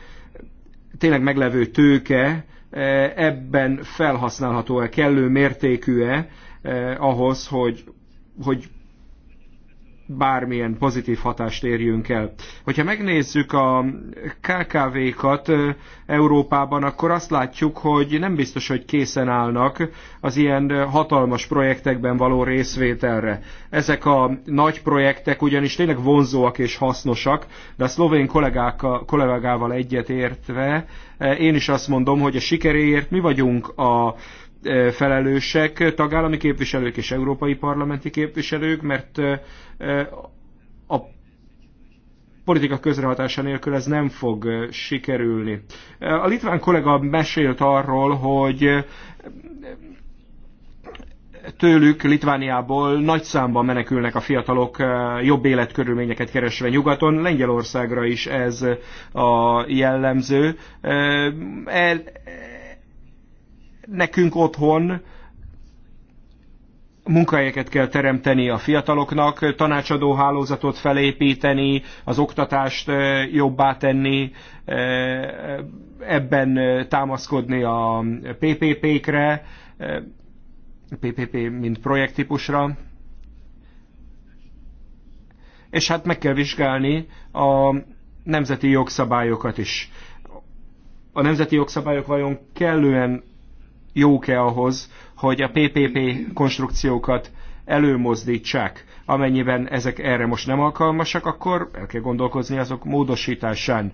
tényleg meglevő tőke eh, ebben felhasználható-e, kellő mértékű-e eh, ahhoz, hogy, hogy bármilyen pozitív hatást érjünk el. Hogyha megnézzük a KKV-kat Európában, akkor azt látjuk, hogy nem biztos, hogy készen állnak az ilyen hatalmas projektekben való részvételre. Ezek a nagy projektek ugyanis tényleg vonzóak és hasznosak, de a szlovén kollégával egyet értve én is azt mondom, hogy a sikeréért mi vagyunk a felelősek, tagállami képviselők és európai parlamenti képviselők, mert a politika közrehatása nélkül ez nem fog sikerülni. A litván kollega mesélt arról, hogy tőlük, Litvániából nagy számban menekülnek a fiatalok jobb életkörülményeket keresve nyugaton. Lengyelországra is ez a jellemző. El, Nekünk otthon munkahelyeket kell teremteni a fiataloknak, tanácsadó hálózatot felépíteni, az oktatást jobbá tenni, ebben támaszkodni a PPP-kre, PPP mint projekttípusra. És hát meg kell vizsgálni a nemzeti jogszabályokat is. A nemzeti jogszabályok vajon kellően jók-e ahhoz, hogy a PPP konstrukciókat előmozdítsák. Amennyiben ezek erre most nem alkalmasak, akkor el kell gondolkozni azok módosításán.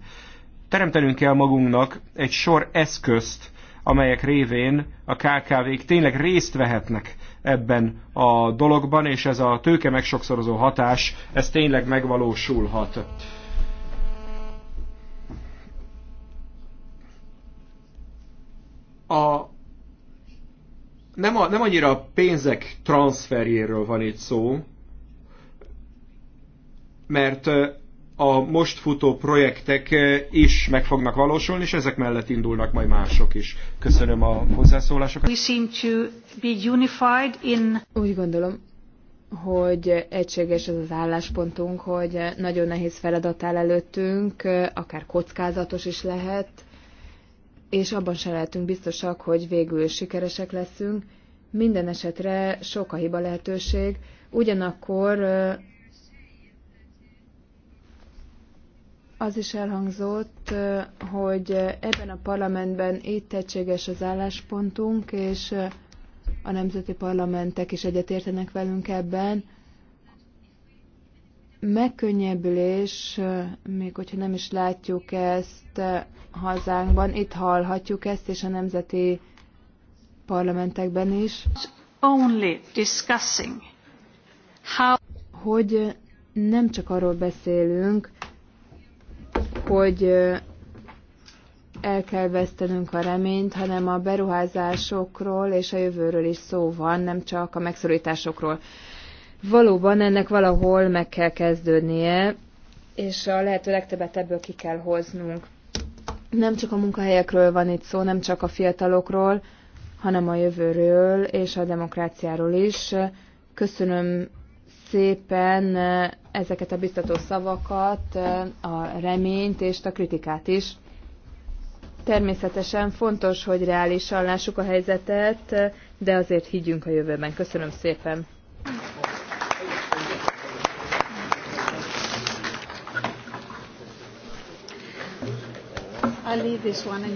Teremtenünk kell magunknak egy sor eszközt, amelyek révén a KKV-k tényleg részt vehetnek ebben a dologban, és ez a tőke megsokszorozó hatás, ez tényleg megvalósulhat. A nem, a, nem annyira a pénzek transferjéről van itt szó, mert a most futó projektek is meg fognak valósulni, és ezek mellett indulnak majd mások is. Köszönöm a hozzászólásokat. We seem to be unified in... Úgy gondolom, hogy egységes ez az álláspontunk, hogy nagyon nehéz feladat áll előttünk, akár kockázatos is lehet, és abban se lehetünk biztosak, hogy végül sikeresek leszünk. Minden esetre sok a hiba lehetőség, ugyanakkor az is elhangzott, hogy ebben a parlamentben itt egységes az álláspontunk, és a nemzeti parlamentek is egyetértenek velünk ebben, megkönnyebbülés, még hogyha nem is látjuk ezt hazánkban, itt hallhatjuk ezt, és a nemzeti parlamentekben is. Only discussing how... Hogy nem csak arról beszélünk, hogy el kell vesztenünk a reményt, hanem a beruházásokról és a jövőről is szó van, nem csak a megszorításokról. Valóban ennek valahol meg kell kezdődnie, és a lehető legtöbbet ebből ki kell hoznunk. Nem csak a munkahelyekről van itt szó, nem csak a fiatalokról, hanem a jövőről és a demokráciáról is. Köszönöm szépen ezeket a biztató szavakat, a reményt és a kritikát is. Természetesen fontos, hogy reálisan lássuk a helyzetet, de azért higgyünk a jövőben. Köszönöm szépen! I'll leave this one.